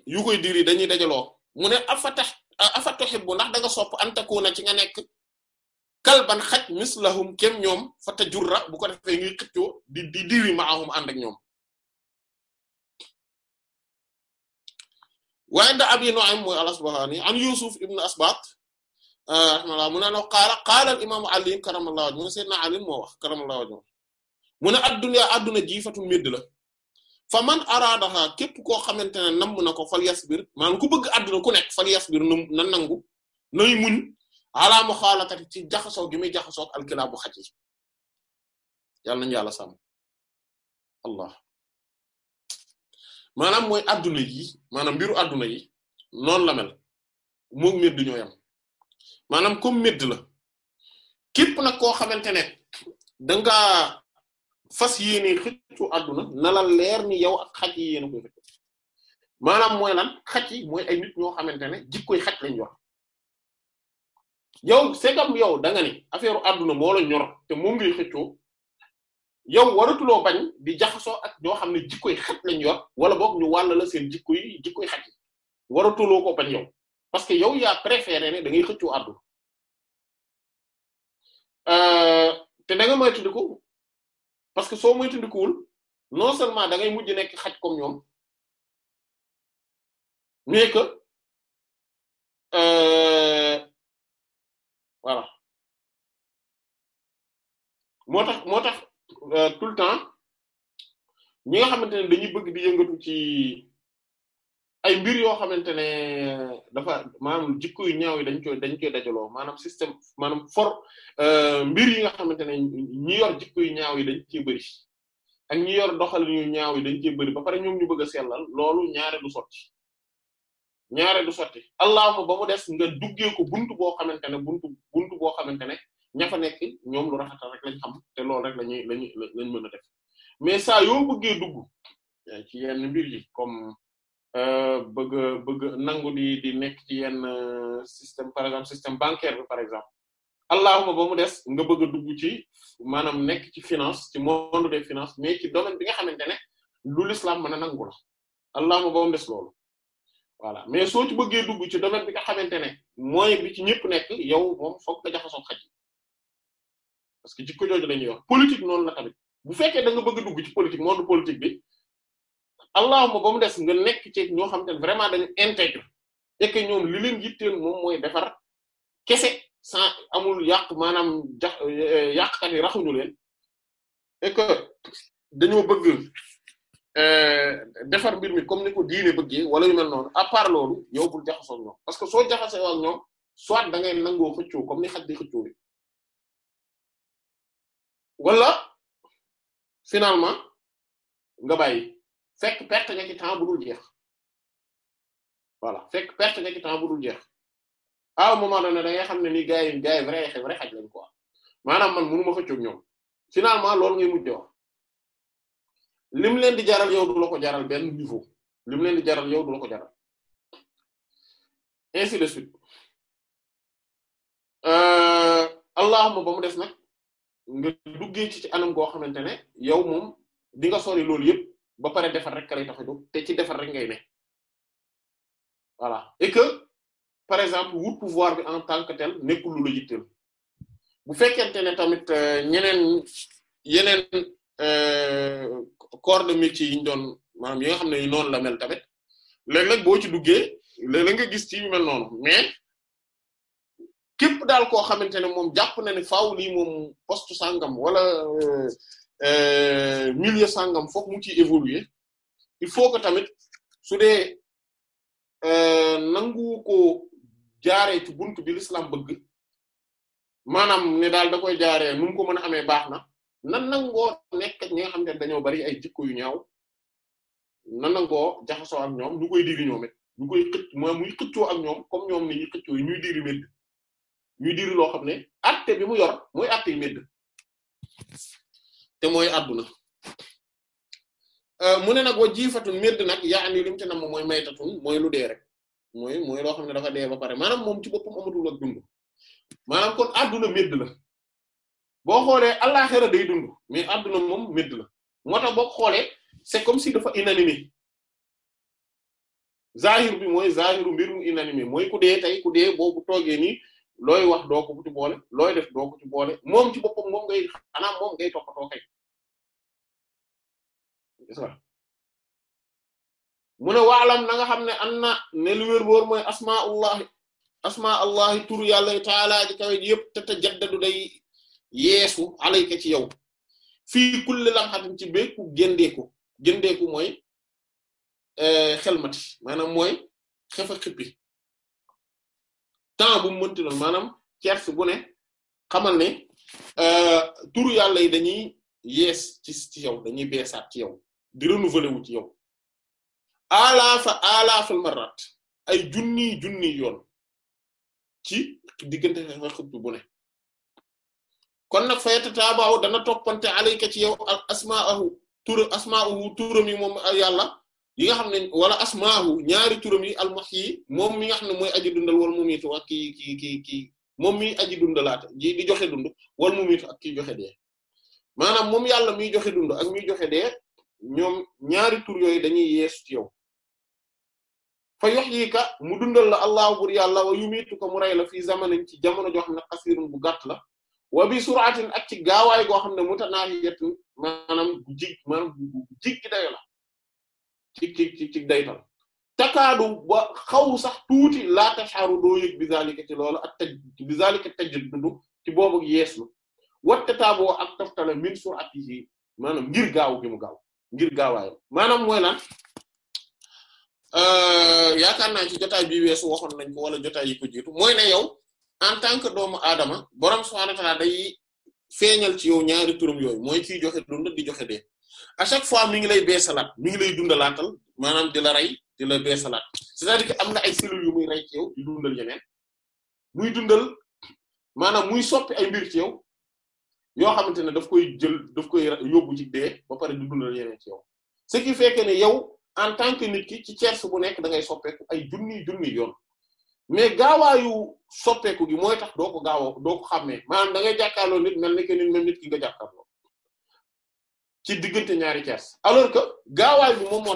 yu koy diri dañuy dajaloo mu ne
afatax afatuhibbu ndax da nga sopp an takuna ci nga nekk kalban xaj
mislahum kem ñoom fatajurra bu ko defee ngay xëccoo di di diri maahum ànd ak ñoom waaye da abi nu'aym mooy
al-asbahani an yusuf ibn asbat ah, rahimahullah mu ne no qaala qaala al imaamu ali karamallahu wajhu mu ne sayyidina ali moo wax karamallahu wajhu mu ne adduna ji fatu medd la fa man araadaha képp koo xamante ne nam na ko fal yasbir maanaam bëgg àdduna ku nekk
fal yasbir na nangu nay muñ ala muxaalatati ci jaxasoo gi muy jaxasoo ak alkilaabu xaj yi yàlla nañu allah maanaam mooy àdduna yi maanaam mbiru àdduna yi noonu la mel
moog medd ñoo yam medd la képp nag koo xamante ne da fas yéene xëccu àdduna na la leer ni yow ak xaj yi yéena koy xëccu maanaam mooy lan xaj yi mooy ay nit ñoo xamante ne jikkoy xaj lañ yor yow segam yow da nga affaire àdduna moo la ñor te moom ngay xëccoo yow waratuloo bañ di jaxasoo ak ñoo xam ne jikkoy xaj lañ yor wala boog ñu wàll la seen jikko yi jikkoy xaj yi waratuloo ko bañ yow
parce que yow yaa préféré ne da ngay xëccoo àdduna euh, te da nga moytu ko. parce que soo moytandikuwul non seulement da ngay mujj nekk xaj comme ñoom mais que euh, voilà moo tax moo tax euh, tout le temps ñi nga
xamante ne dañuy bëgg di yëngatu ci. ay mbir yoo xamante ne dafa maanaam jikko yu ñaaw yi dañ koy dañ koy dajaloo maanaam système maanaam for euh, mbir yi nga xamante ne ñi yor ñaaw yi dañ cee bëri ak ñi yor doxalin ñaaw yi dañ cee bëri ba pare ñoom ñu bëgg a sellal loolu ñaare du sotti ñaare du sotti allahuma ba mu des nga duggee ko buntu boo xamante ne buntu buntu boo xamante ne ña fa nekk ñoom lu rek lañ xam te loolu rek lañuy lañuy lañ mën a def mais saa yoo bëggee dugg ci yenn mbir yi Euh, bëgg bëgg nangu di di nekk ci yenn euh, système par exemple système bancaire bi par exemple allahuma ba mu des nga bëgg a dugg ci maanaam nekk ci finance ci monde de finances mais ci domaine bi nga xamante ne lu l'islam mën a nangu la allahuma ba mu des loolu voilà mais soo ci bëggee dugg ci domaine bi nga xamante ne mooy bi ci ñëpp nekk yow moom foog nga jaxasoo xaj parce que jikko jooju la ñuy wax politique noonu la tamit bu fekkee da nga bëgg a dugg ci politique monde bi allahuma ba mu des nga nekk ci ñoo xam te ne vraiment dañu intègre et que ñoom li leen yitteel moom mooy defar kese sans amul yàq maanaam ja euh, yàqkat yi raxuñu leen et que dañoo bëgg euh, defar mbir mi comme ni ko diine bëggee wala yu mel noonu à part loolu yow ñoom
parce que soo jaxasoo ak ñoom soit da ngay nangoo xëccoo comme ni xaj di xëccoo wala finalement nga bàyyi. fekk perte nga temps bu dul jeex voilà fekk perte nga ci temps
bu dul jeex à un moment donné da ngay xam ne ni gars yi gars yi vrai vrai xaj lañ quoi maanaam man mënu ma fa coog ñoom finalement loolu ngi mujj wax lim leen di jaral yow du la ko jaral benn niveau lim leen di jaral yow du la ko jaral ainsi de suite euh, allahuma ba mu des nag nga duggee ci ci anam goo xamante ne yow moom di sori loolu yëpp. ba pare defar rek ka lay tax te ci defar rek ngay ne voilà et que par exemple wut pouvoir bi en tant que tel nekkul lu la yitteel bu fekkente ne tamit euh, ñeneen yeneen euh, corps de yi ñu doon maanaam yi nga xam ne noonu la mel tamit léeg-léeg boo ci duggee léeg-léeg nga gis ci yu mel noonu mais képp daal koo xamante ne moom jàpp na ne faaw lii moom poste sangam wala. Euh, Euh, milieu sangam foog mu ciy évoluer il faut que tamit su dee euh, nangu ko jaaree ci bunt bi l'islam bëgg maanaam ne daal da koy jaaree nu ko mën a amee baax na nan nangoo nekk ñi nga xam ne dañoo bari ay jikko yu ñaaw nan nangoo jaxasoo ak ñoom ñu koy diri ñoom it ñu koy xëcc mooy muy xëccoo ak ñoom comme ñoom ni ñuy xëccoo ñuy diri ñuy diri loo xam ne acte bi mu yor mooy acte yi medd te mooy adduna euh, mu ne nag wa jiifatun médd nag ya lim te na mooy maytatun mooy lu dee rek mooy mooy loo xam ne dafa dee ba pare maanaam moom ci boppam amatul ak dund maanaam kon adduna médd la boo xoolee àllaxira day dund mais adduna moom médd la moo tax boo xoolee c'est comme si dafa inanimé zahir bi mooy zahiru mbir mu inanimé mooy
ku dee ku dee boobu toogee looy wax doo ko ci boole looy def doo ko ci boole moom ci boppam xanaa moom ngay toppatoo kay gis nga mu ne waalam xam ne an na ne lu wér wóor mooy asmaa
allahi asmaa allahi tur yàlla taalaa ji kawe ji yëpp te te ci yow fii kulli lamxatin ci béku géndeeku géndeeku mooy eh, xelmati maanaam mooy xefa xippi temps bu mënti doon maanaam tierce bu ne xamal ne euh, turu yàlla yi dañuy yees ci ci yow dañuy beesaat ci yow di renouveler
wu ci yow alaafa alaafal marat ay junniy junniy yoon ci diggante xëpp bu ne
kon nag fayata taabaaw dana toppante alayka ci yow asmaahu tur asmaahu turam yi moom yàlla yi nga xam ne wala asmaahu ñaari turam yi al mom mi nga xam ne mooy aji dundal wal mumitu a kii kii kii kii moom mi aji dundalaat ji di joxe dund wal mumitu ak kii joxe dee maanaam moom yàlla miy joxe dund ak miy joxe dee ñoom ñaari tur yooyu dañuy yeesu ci yow fa yuhyika mu dundal la allahu bur yàlla wa yumiituka mu rey la fii zamanin ci jamono joo xam ne qasirun bu gàtt la wa bi sur'atin ak ci gaawaay goo xam ne mutanaahiyatin maanaam jig maanaam jig gi dayo la ci ci ci ci daytal takaadu ba xaw sax tuuti laata tashaaru doo yëg bizaalika ci loolu ak taj bizaalika tajaddudu ci boobu yeeslu wattataaboo ak toftale min sur'atihi maanaam ngir gaaw gi mu gaaw ngir gaawaayam maanaam mooy lan euh, yaakaar naa ci jotaay bi weesu waxoon nañ ko wala jotaay yi ko jiitu mooy ne yow en tant que doomu aadama borom subhaanahu wa ta'aala day feeñal ci yow ñaari turam yooyu mooy ci joxe dund di joxe dee à chaque fois mi ngi lay beesalaat mi ngi lay dundalaatal maanaam di rey di la beesalaat c'est-à-dire am na ay cellules yu muy rey ci yow dundal yeneen muy dundal maanaam muy soppi ay mbir ci yow yoo xamante ne daf koy jël daf koy yóbbu ci dee ba pare di dundal yeneen ci yow ce qui fait ne yow en tant que nit ki ci tierce bu nekk da ngay soppeeku ay junniy junniy yoon mais gaawaayu soppeeku gi mooy tax doo ko gaaw doo ko xàmmee maanaam da ngay jàkkaarloo nit mel ni que nit ki nga jàkkaarloo ci diggante ñaari tiers alors que gaawaay bi moom moo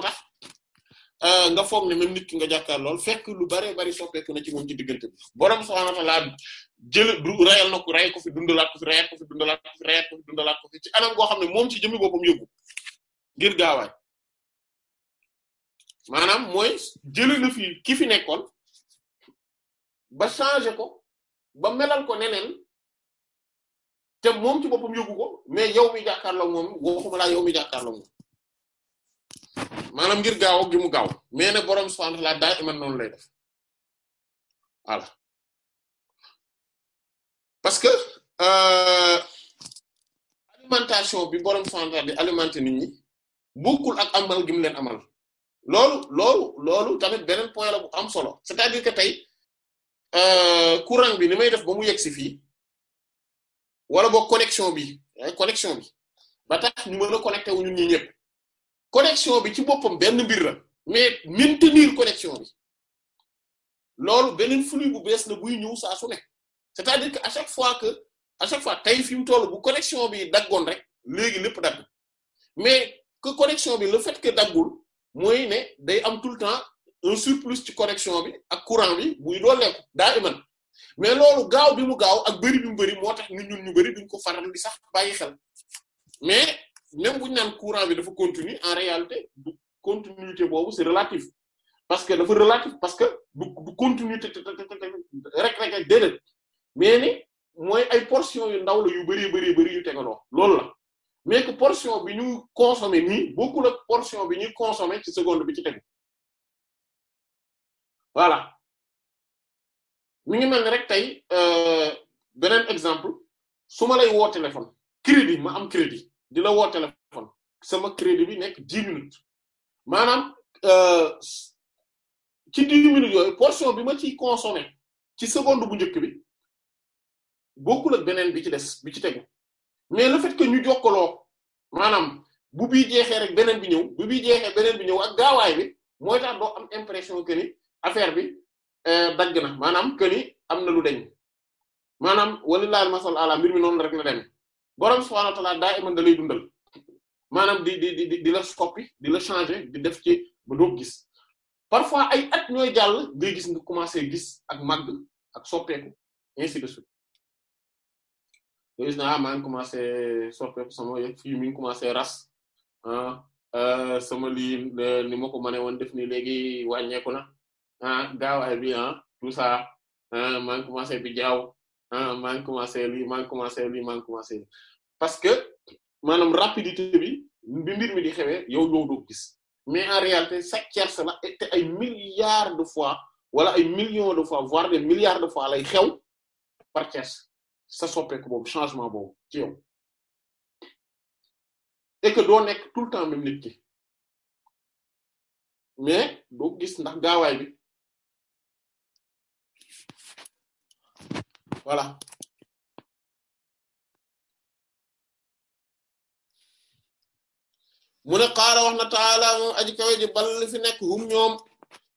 euh, nga foog ne même nit ki nga jàkkaar lool fekk lu bare bari soppeeku na ci moom ci diggante bi borom subhaanahu wa ta'aala jël rayal na ko ray ko fi dundalaat ko fi rayaat ko fi dundalaat ko fi anam xam ne moom ci jëmmi boppam yóbbu ngir gaawaay
maanaam mooy jëlee fi ki fi nekkoon ba changer ko ba melal ko neneen te
moom ci boppam yóbbu ko mais yow mi jàkkaarloo moom waxuma laa yow mi jàkkaarloo
gaaw ak mu gaaw mais ne boroom subhaanahu wa ta'aala daa iman noonu lay def voilà parce que euh, alimentation bi boroom subhaanahu wa ta'aala di alimenter nit ñi bokkul ak amal
leen amal loolu loolu loolu tamit beneen point la bu am solo c'est-à-dire que tey euh, courant bi ni may def ba mu yegg si fii. wala boog connexion bi connexion bi ba tax ñu mën a connecté wu ñun ñi ñëpp bi ci boppam benn mbir la mais maintenir connexion bi loolu beneen flux bu bees na buy ñëw saa su nekk c'est-à-dire que à chaque fois que à chaque fois tey fi mu toll bu connexion bi daggoon rek léegi lépp dagg mais que connexion bi la fait que daggul mooy ne day am tout le temps un surplus ci connexion bi ak courant bi buy dooleeku daa iman mais loolu gaaw bi mu gaaw ak bëri bi mu bëri moo tax nit ñun ñu bëri duñ ko faral di sax bàyyi xel mais même bu ñu naan bi dafa continuer en réalité du continuité boobu c'est relatif parce que dafa relatif parce que du du continuité rek rek déedéet mais ni mooy ay portion yu ndaw la yu bëree bëri
bëri yu tegaloo loolu la mais que portion bi ñu consommer nii bokkul ak portion bi ñu consommer ci seconde bi ci tegu voilà. mi ngi mel ni rek tey euh, beneen exemple su ma lay woo
téléphone crédit ma am crédit di la woo téléphone sama crédit bi nekk dix minutes maanaam euh, ci dix minutes yooyu portion bi ma ciy consommer ci seconde bu njëkk bi bokkul ak beneen bi ci des bi ci tegu mais la fait que ñu jokkaloo maanaam bu bii jeexee rek beneen bi ñëw bu bii jeexee beneen bi ñëw ak gaawaay bi mooy tax doo am impression que ni affaire bi Eh, dagg na maanaam que ni am na lu deñ maanaam walillahi masol ala mbir mi noonu rek na dem borom subhanahu wa ta'ala daa iman da lay dundal maanaam di di di di la soppi di la changer di def ci ba doo gis parfois ay at ñooy jàll di gis nga commencé gis ak màgg ak soppeeku ainsi de suite nga gis ne ah maa ngi commencé soppeeku sama yëpp fii mi ngi ras ah, ah, sama lii eh, ni ma ko mënee woon def ni léegi wàññeeku na. ah gaawaay bi ah tout ça ah maa bi jaaw ah maa ngi commencé lii maa ngi parce que maanaam rapidité bi bi mbir mi di xewee yow yow gis mais en réalité chaque tierce la te ay milliards de fois wala ay millions de fois
voire des milliards de fois lay xew par tierce sa soppeeku boobu changement boobu ci yow doo nekk tout le temps même nit ki mais doo gis ndax gaawaay bi. voilà mu ne qaala wax na taala
moom aji ji bal fi nekk hum ñoom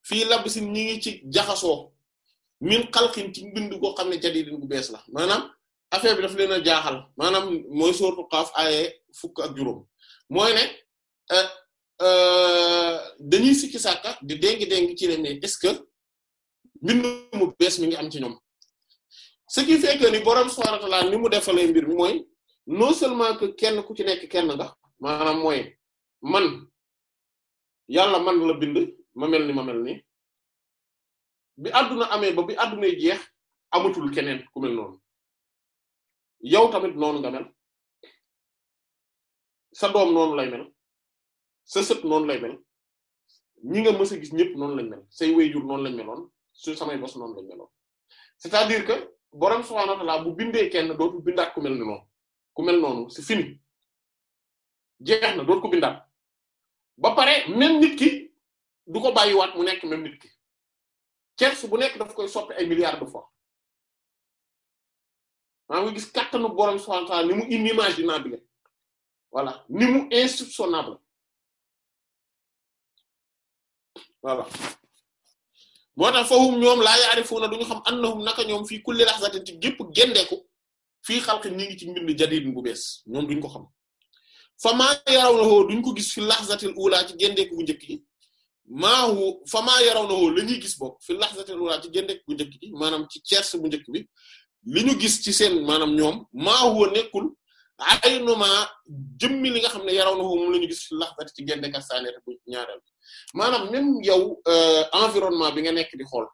fii lab si ñi ngi ci jaxasoo min xalqin ci bind koo xam ne jadidin gu bees la maanaam affaire bi daf leen a jaaxal maanaam mooy soortu xaaf aaye fukk ak juróom mooy ne euh, euh, dañuy sikki sàkka di déngi déngi ci ne mais est-ce que mbind mu bees mi ngi am ci ñoom ce qui fait que ni borom subhaanahu wa ni mu defalee mbir mooy non seulement que kenn ku ci nekk kenn nga maanaam mooy man
yàlla man la bind ma mel ni ma mel ni bi àdduna amee ba bi àdduna jeex amatul keneen ku mel noonu yow tamit noonu nga mel sa doom noonu lay mel sa sët noonu lay mel ñi nga mës gis ñëpp noonu lañ mel say waajur noonu lañ meloon su samay bos noonu
lañ meloon c'est-à-dire que borom subhaanahu wa ta'aala bu bindee kenn dootul bindaat ku mel ni
noonu ku fini jeex na dootu ko bindaat ba pare même nit ki du ko bàyyiwaat mu nekk même nit ki tierce bu nekk daf koy soppi ay milliards de fois maa ngi gis kattanu borom subhaanahu wa ta'aala ni mu inimaginable voilà ni mu insoupçonnable voilà boo tax fahum ñoom laa ya'rifuna
duñu xam annahum naka ñoom fii kulli lahzatin ci gépp gendeeku fii xalqi ñi ngi ci mbind jadid bu bees ñoom duñ ko xam famaa yarawnahu duñ ko gis fi lahzatil ula ci gendeeku bu njëkk gi maa hu famaa yarawnahu ñuy gis bokk fi lahzatil ula ci gendeeku bu njëkk gi maanaam ci cerce bu njëkk bi li ñu gis ci seen maanaam ñoom maa huwa nekkul aynuma jëmmi li nga xam ne yaraw na moom la ñu gis laxbati ci gende kastaneeta bu ñaareel maanaam même yow euh, environnement bi nga nekk di xool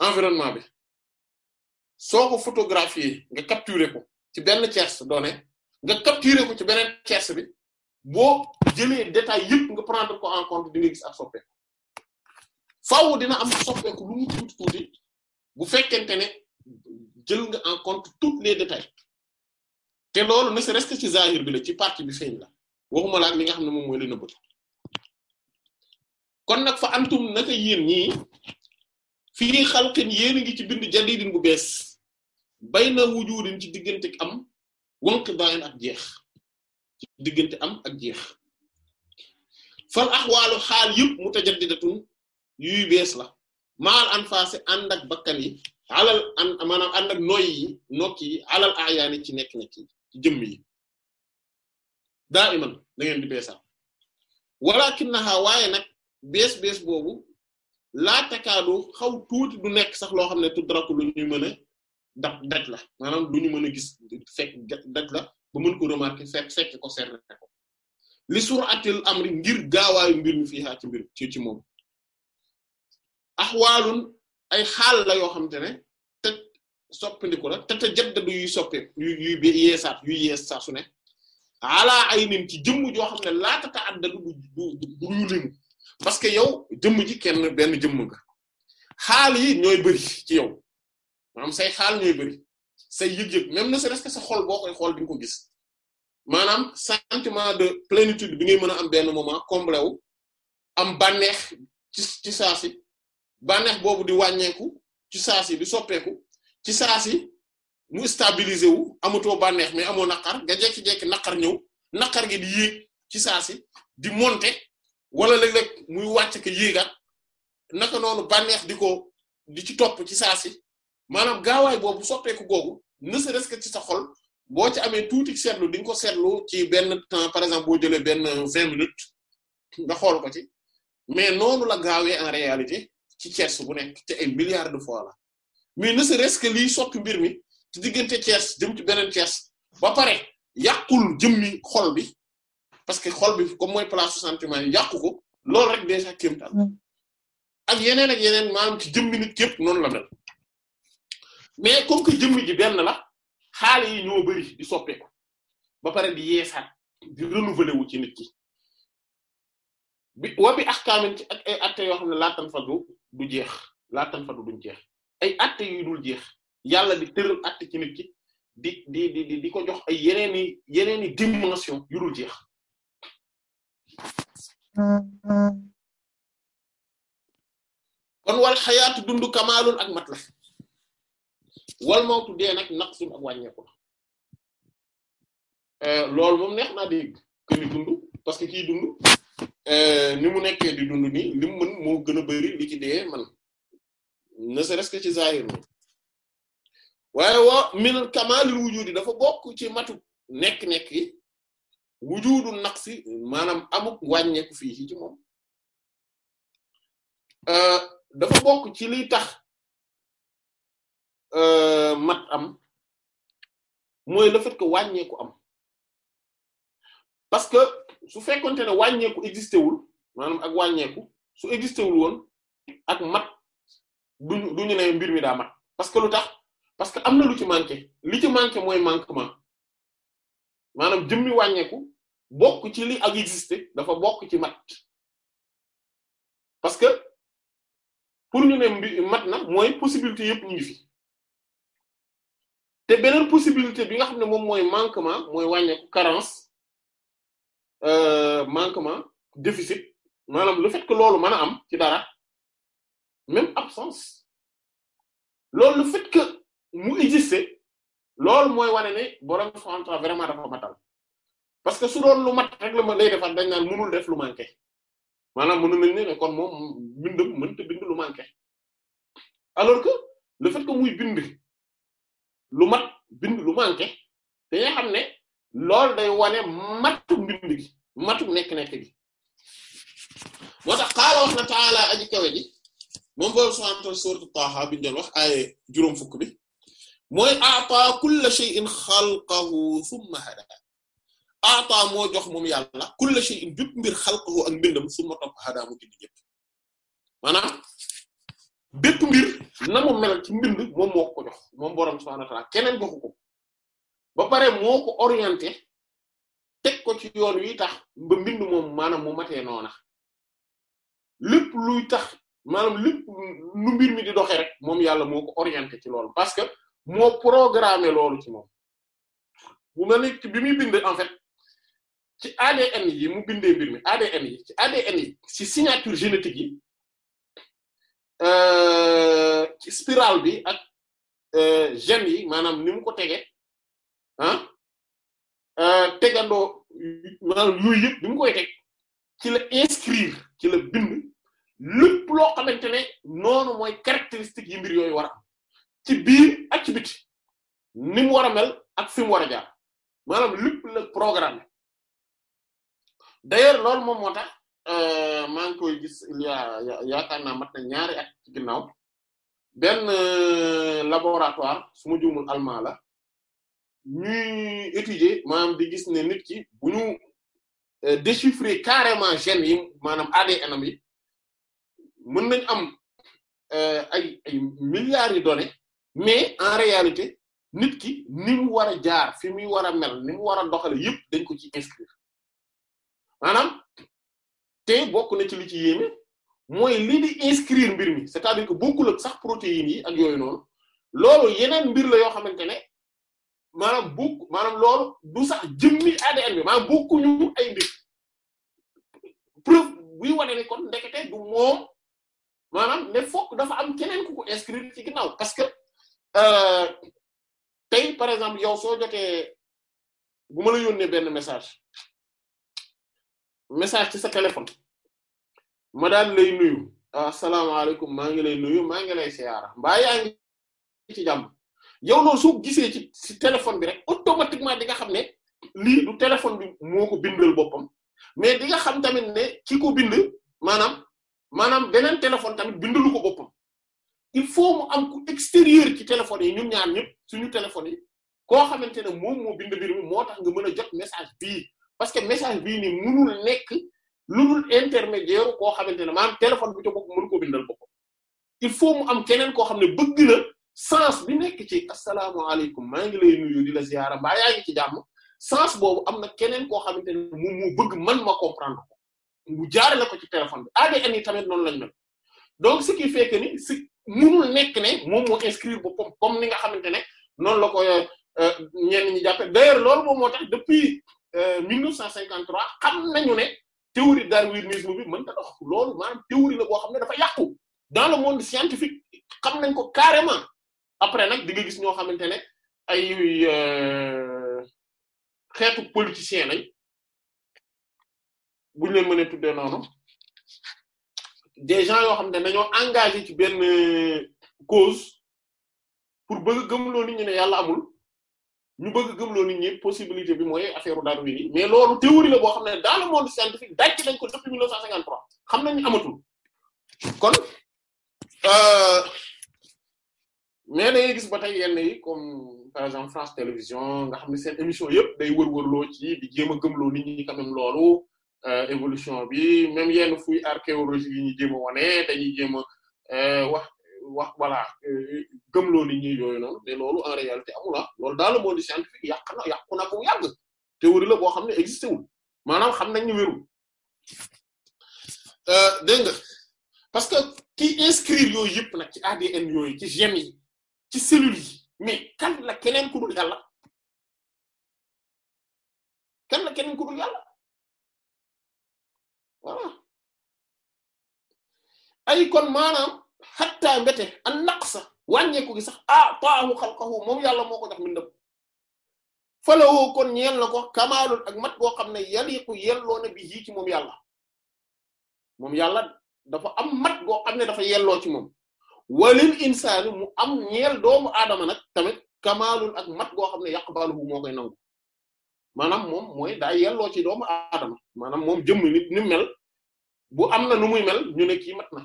environnement bi soo ko photographier nga capturer ko ci benn tierce donnée nga capturer ko ci beneen tierce bi boo jëlee détail yëpp nga prendre ko en compte di nga gis ak soppeeku faaw dina am lu mu tuuti tuuti bu fekkente ne jël nga en compte tous les détails te loolu ne serait-ce ci zahir bi la ci partie bi feeñ la waxuma la ak li nga xam ne moom mooy la nëbbatu kon nag fa antum naka yéen ñii fii xalqin yéen ngi ci bind jadidin bu bees bayna wujudin ci diggante am wànq daayen ak jeex ci diggante am ak jeex fal axwaalu xaal yuy bees la maal anfaase ànd ak bakkan yi alal an maanaam ak noyyi yi nokki yi alal ci nekk-nekk yi ci jëmm yi daa iman da ngeen di beesal walakinaha waaye nag bees bees boobu laa takaadu xaw tuuti du nekk sax loo xam ne tudraku lu ñu mën a dab daj la maanaam du ñu mën a gis fekk daj la ba mën ko remarquer fekk fekk ko seetlu ko li am amri ngir gaawaayu mbir mi fii ci mbir ci ci moom axwaalun ay xaal la yoo xamante ne. soppandiku la te te jaddadu yuy soppeeku yuy yuy yeesaat yuy yees saa ne alaa ay nin ci jëmm joo xam ne laata ta àddalu du du du yulimu parce que yow jëmm ji kenn benn jëmm nga xaal yi ñooy bëri ci yow maanaam say xaal ñooy bëri say yëg-yëg même ne serait-ce que sa xol boo koy xool di ko gis maanaam sentiment de plénitude bi ngay mën a am benn moment comblé am bànneex ci ci bànneex boobu di wàññeeku ci saa si di soppeeku ci saa si mu stabiliser wu amatoo bànneex mais amoo naqar nga jekki-jekki naqar ñëw naqar gi di yéeg ci saa si di monter wala léeg-léeg muy wàcc ka yéegat naka noonu bànneex di ko di ci topp ci saa si maanaam gaawaay boobu soppeeku googu ne serait-ce que ci sa xol boo ci amee tuuti seetlu di nga ko seetlu ci benn temps par exemple boo jëlee benn vingt minutes nga xool ko ci mais noonu la gaawee en réalité ci cerce bu nekk ci ay milliards de fois la mais ne serait-ce que liy sotti mbir mi ci diggante Cees jëm ci beneen Cees ba pare yàqul jëmmi xol bi parce que xol bi comme mooy place sentiment yi yàqu ko loolu rek déjà kéemtaan mm. ak yeneen ak yeneen maanaam ci jëmmi nit képp noonu la mel mais comme que jëmmi ji benn la xaal yi ñoo bari di soppeeku ba pare di yeesaat di renouveler wu ci nit ki bi bi ahkaamin ci ak ay yoo xam ne laataan fadu du jeex laataan fadu duñ jeex. ay atte yu dul jeex yàlla di tëral atte ki di di di di ko jox ay yeneen i yeneen i dimension yu dul jeex kon wal xayaatu dund kamaalun ak mat la wal mawtu dee nag naqsun ak wàññeeku la eh, loolu moom neex na dégg que ni dund parce que kii eh, ni mu nekkee di dund nii li mën moo gën a bari dee man ne serait-ce que ci zahir moom waaye wa minal kamalil wujudi dafa bokk ci matu nekk-nekk yi wujudu naqsi maanaam amuk wàññeeku
fii ci moom euh, dafa bokk ci liy tax euh, mat am mooy le ko que wàññeeku am parce que su fekkonte ne wàññeeku existé
wul maanaam ak wàññeeku su existé wul woon ak mat duñu duñu ne mbir mi daa mat parce que lu tax parce que am na lu ci manqué li ci manqué mooy manquement
maanaam jëmmi wàññeeku bokk ci li ak exister dafa bokk ci mat parce que pour ñu ne mbi mat na mooy possibilité yëpp ñu fi te beneen possibilité bi nga xam ne moom mooy
manquement mooy wàññeeku carence euh, manquement déficit maanaam le fait que loolu mën am ci dara même absence loolu le fait mu exister loolu mooy wane ne borom subhanahu wa ta'ala vraiment dafa matal parce que su doon lu mat rek la ma lay defar dañ naan mënul def lu manqué maanaam mënu nañ ne ne kon moom bindam mënta bind lu manqué alors que le fait muy bind lu mat bind lu manqué dañuy xam ne loolu day wane matu mbind gi matu nekk-nekk gi moo tax xaala wax na taala aji kawe ji moom boobu subhaanahu wa ta'aala suuratu Taaha bi wax ay juróom fukk bi mooy a'taa kulla shay'in xalqahu thumma hadaa a'taa moo jox moom yàlla kulla shay'in bépp mbir xalqahu ak mbindam thumma topp hadaa bind yëpp maanaam bépp mbir na mu mel ci mbind moom moo ko jox moom boroom subhaanahu keneen joxu ba pare moo ko orienté teg ko ci yoon wi tax ba mbind moom maanaam mu matee noona lépp tax. maanaam lépp lu mbir mi di doxee rek moom yàlla moo ko orienté ci loolu parce que moo programmé loolu ci moom bu mel ni bi muy bind en fait ci yi mu bindee mbir mi ADN yi ci
ADN yi ci signature génétique yi
euh, ci spirale bi ak euh, gènes yi maanaam ni mu ko tege ah euh, tegandoo maanaam yooyu koy teg ci la inscrire ci la bind. lépp loo xamante ne noonu mooy caractéristique yi mbir yooyu war a am ci biir ak ci biti ni mu war a mel ak sim mu war a jaar maanaam lépp la programme d'ailleurs loolu moom moo tax euh, maa ngi koy gis il y a yaakaar ñaari at ci ginnaaw benn euh, laboratoire su ma juumul allemand la ñuy étudier maanaam di gis nit ki bu ñu euh, déchiffrer carrément gènes yi maanaam ADN am yi mën nañ am euh, ay ay milliards yi données mais en réalité nit ki ni mu war a jaar fi muy war a mel ni mu war doxale yëpp dañ ko ci inscrire maanaam te bokk na ci li ci yéeme mooy lii di inscrire mbir mi c'est-à-dire que bokkul ak sax protéines yi ak yooyu noonu loolu yeneen mbir la yoo xamante ne maanaam bokk maanaam loolu du sax jëmmi ADN bi maanaam bokkuñu ay mbir preuve buy wane ne kon ndekete du moom maanaam ne fokk dafa am keneen ku ko inscrire ci ginnaaw parce que euh, tey par exemple yow soo jotee bu ma la yónnee benn message message ci sa téléphone ma daal lay nuyu asalaamaaleykum ah, maa ngi lay nuyu maa ngi lay siyaara mbaa yaa ngi ci jàmm yow loolu soo gisee ci ci téléphone bi rek automatiquement di nga xam ne lii du téléphone bi moo ko boppam mais di nga xam tamit ne ki ko bind maanaam maanaam beneen téléphone tamit bindalu ko boppam il faut mu am ku extérieur ci téléphone yi ñu ñaan ñëpp suñu téléphone yi koo xamante ne moom moo bind mbir mi moo tax nga mën a jot message bii parce que message bii nii mënul nekk lu dul intermédiaire koo xamante ne maanaam téléphone bi ca bopp mënu ko bindal boppam il faut mu am keneen koo xam ne bëgg na sens bi nekk ci asalaamaaleykum maa ngi lay nuyu di la ziyaara mbaa yaa ngi ci jàmm sens boobu am na keneen koo xamante ne moom moo bëgg man ma comprendre ko mu jaare la ko ci téléphone bi ADN yi tamit noonu lañ mel donc ce qui fait ni si mënul nekk ne moom moo inscrire boppam comme ni nga xamante ne noonu la ko euh, euh, ñenn ñi jàppe d'ailleurs loolu moom moo tax depuis 1953 euh, xam nañu ne théorie darwinisme bi mën ta dox loolu maanaam théorie la boo xam ne dafa yàqu dans le monde scientifique xam nañ ko carrément après nag di nga gis ñoo xamante ne ay xeetu politicien lañ bu ñu leen mënee tuddee noonu des gens yoo xam ne dañoo engagé ci benn cause pour bëgg gëmloo nit ne yàlla amul ñu bëgg gëmloo nit ñi possibilité bi mooy affaire Darwin yi mais loolu théorie la boo xam ne dans le monde scientifique daj nañ ko depuis 1953 xam nañ amatul kon euh, mais dañuy gis ba tey yenn comme par exemple France Télévisions nga xam ne seen émission yëpp day wër-wërloo ci di jéem a gëmloo nit ñi loolu. Euh, évolution bi même yenn fuy archéologie yi wane dañuy jéem a euh, wax wax voilà euh, gëmloo nit ñi yooyu en réalité amula ah. loolu dans le monde scientifique yàq na yàqu na bu yàgg théorie la boo xam ne existé wul maanaam xam nañ ñu wérul dégg parce que ki inscrire yooyu yëpp nag ci ADN yooyu ci
gènes yi ci cellules yi mais kan la keneen ku dul kan la keneen ku dul voilà ah. ay kon maanaam xattaa mbete an naqsa
wàññeeku gi sax ah taahu xalqahu moom yàlla moo ko jox mbindam falawoo kon ñeel na ko kamaalul ak mat boo xam ne yaliqu yelloo na bi yii moom yàlla moom yàlla dafa am mat boo xam ne dafa yelloo ci moom walil insaani mu am ñeel doomu aadama nag tamit kamaalul ak mat boo xam ne yaqbaluhu moo koy nangu
maanaam moom mooy daa yelloo ci doomu aadama maanaam moom jëmm nit ni mel bu am na nu muy mel ñu ne kii mat na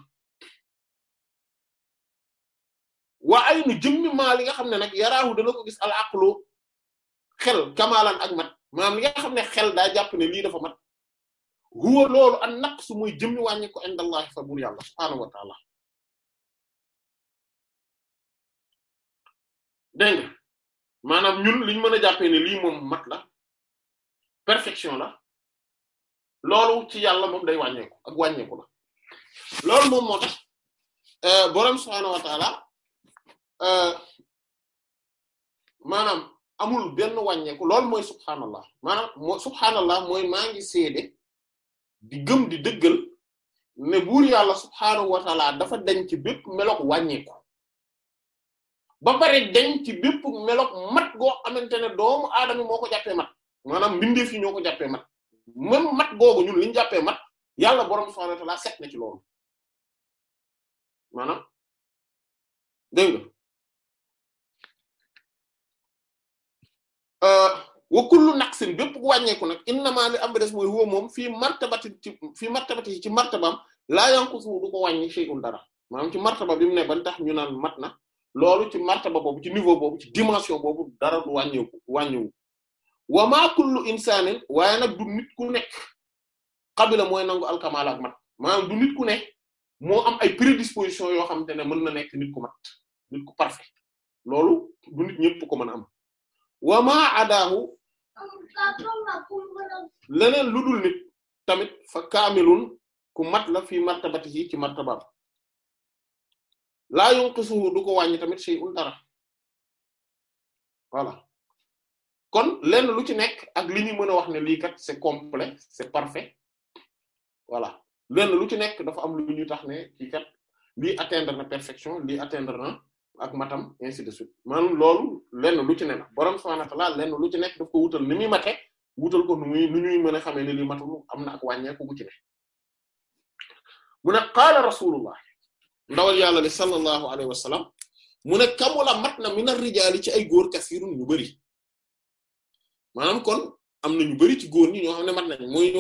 waa ay nu jëmmi maa li nga xam ne nag yaraahu dana ko gis al aqlu xel kamaalan ak mat maanaam li xam ne xel daa jàpp ne lii dafa mat huwa loolu an naqsu muy jëmmi wàññi ko indallahi fa bur yàlla wa ta'ala dégg nga ñun liñ mën a jàppee ne lii moom mat la perfection la loolu ci yàlla moom day wàññeeku
ak wàññeeku la moom moo tax euh, boroom subhaanahu euh, maanaam amul benn wàññeeku loolu mooy subhaanallah maanaam moo subhaanallah mooy maa ngi seede
di gëm di dëggal
ne buur yàlla subhaanahu wa dafa dañ ci bépp meloog wàññeeku ba pare dañ ci bépp meloog mat goo xamante ne doomu aadama moo ko
jàppee mat maanaam mbindeef yi ñoo ko jàppee mat même mat googu ñun li ñu jàppee mat yàlla borom soxla wa ta'ala set na ci loolu maanaam dégg nga
euh, wa kullu naqsin bépp ku wàññeeku nag innama li am ba des mooy huwa moom fii martabati ci fii martabati ci martabaam laa yanqusu du ko wàññi shay'un dara maanaam ci martaba bi mu ne ban tax ñu naan mat na loolu ci martaba boobu ci niveau boobu ci dimension boobu dara du wàññeeku wàññeeku wa ma kullu insaanin waaye nag du nit ku nekk xabila mooy nangu alkamal ak mat maanaam du nit ku ne moo am ay prédisposition yoo xamante ne mën na nekk nit ku mat nit ku parfait loolu du nit ñëpp ko mën a am wa ma adaahu leneen lu dul nit tamit fa kaamilun
ku mat la fii martabati yi ci martabaam laa yunqisuhu du ko wàññi tamit shay'un dara voilà kon lenn
lu ci nekk ak li ñu mën a wax ne lii kat c'est complet c'est parfait voilà lenn lu ci nekk dafa am lu ñu tax ne kii kat lii na perfection lii atteindre na ak matam ainsi de suite maanaam loolu lenn lu ci ne la borom subhaanahu wa ta'aala lenn lu ci nekk daf ko wutal ni muy mate wutal ko nu muy nu ñuy mën a xamee ne lii matul am na ak wàññeeku bu ci ne mu ne qaala rasulullah ndawal yàlla li sallallahu alayhi wa sallam mu ne kamula mat na mina rijaali ci ay góor kasirun yu bari maanaam kon am na ñu bari ci góor ñi xam ne mat nañ mooy ñu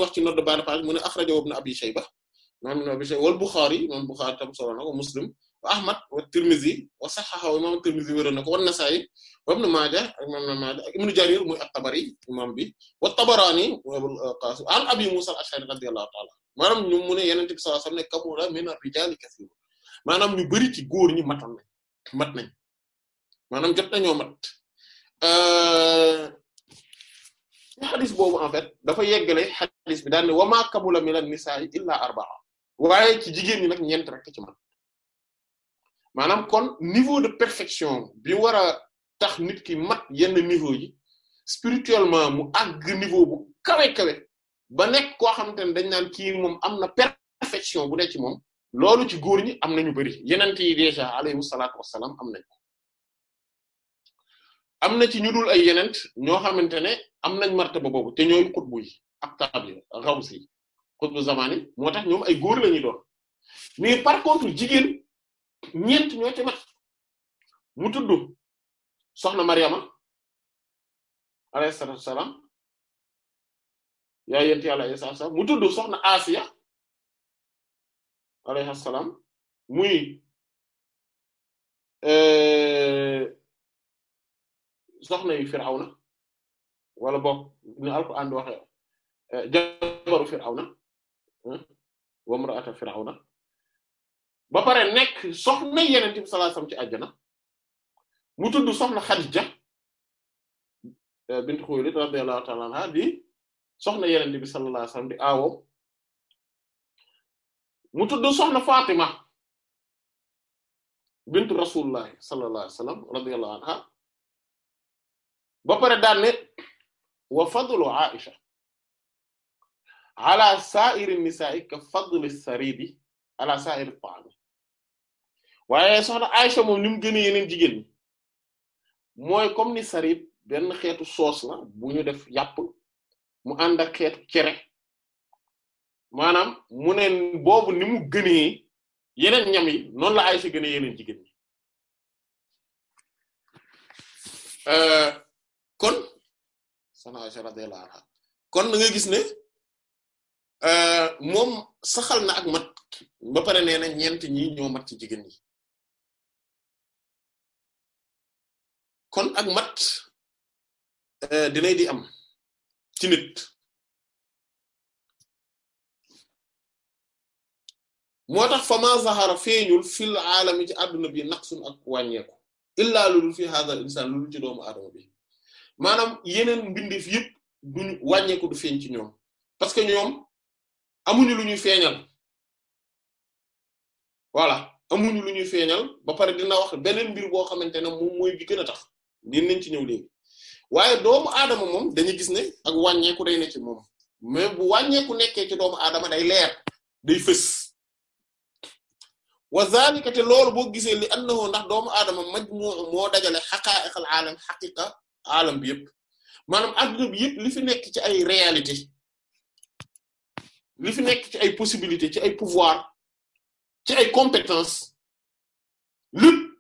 na ko wa ahmad wa tirmizi wa sahahahu imam tirmizi wéral na ko wa nasa'i wa ibn majah ak imam ibn majah ak ibn jarir muy at-tabari imam bi wa tabarani wa abul qasim an abi musa al-ash'ari radiyallahu ta'ala maanaam ñu mu ne yenente bi sallallahu alayhi wasallam ne kabura min ar-rijali kathir maanaam mat nañ ci xadis boobu en fait dafa yeggale xadis bi daal ne wa maa kabula mina nisaa'i illaa arba'a waaye ci jigéen ñi nag ñeent rek ci man maanaam kon niveau de perfection bi war a tax nit ki mat yenn niveau yi spirituellement mu àgg niveau bu kawe kawe ba nekk koo xamante ne dañ naan kii moom am na perfection bu ne ci moom loolu ci góor ñi am na ñu bari yeneen yi déjà alayhi salaatu wassalaam am nañ ko am na ci ñu ay yenent ñoo xamante ne am nañ martaba boobu te ñooy xutbu yi aktaab yi xaws yi xutbu zamani moo tax ñoom
ay góor la ñuy doon par contre jigéen ñeent ñoo ci mat mu tudd soxna Mariama alayhi salaatu wassalaam yaa yent yàlla alayhi salaam mu tudd soxna Asiya alayhi salaam muy euh soxna yu Firawna wala boog ni Alxuraan waxe eh, jabaru Firawna hmm,
wa mar'ata Firawna ba pare nekk soxna Yonent bi sallallahu alayhi ci àjjana
mu tudd soxna Xadija eh, bint Xuwaylid radiyallahu ta'ala anha di soxna Yonent bi sallallahu alayhi di aawoom mu tudd soxna Fatima bintu Rasulullah sallallahu alayhi wasallam radiyallahu ba pare daan ne
wa fadlu Aisha ala sa'iri nisa'i ka fadli saridi ala sa'iri ta'ami waaye soxna Aisha moom ni mu yeneen jigéen mooy comme ni sarid benn xeetu soos la bu ñu def yàpp mu ànd ak cere maanaam mu ne
boobu ni mu yeneen ñam yi noonu la Aisha gënee yeneen jigéen ñi. Euh, kon sana
Aisha gis ne euh, moom
na ak mat ba pare nee na ñi ñoo ci jigéen ñi kon ak mat euh, dinay di am ci nit moo tax fa ma zahara feeñul fil aalami ci àdduna bi naqsun ak wàññeeku
illaa lu dul fi hadha al insaan lu dul ci doomu aadama bi maanaam yeneen mbindeef yëpp
duñu wàññeeku du feeñ ci ñoom parce que ñoom amuñu lu ñuy feeñal voilà amuñu lu ñuy feeñal ba pare dina wax beneen
mbir boo xamante ne moom mooy bi gën a tax dinañ ci ñëw léegi waaye doomu aadama moom dañuy gis ne ak wàññeeku day nekk moom mais bu wàññeeku nekkee ci doomu aadama day leer day fës wa zalika te loolu boo gisee li annahu ndax doomu aadama majmu moo dajale xaqaa'iqal aalam xaqiqa alam bi yëpp maanaam adduna bi
yëpp li fi nekk ci ay réalité li fi nekk ci ay possibilité ci ay pouvoir ci ay compétence lépp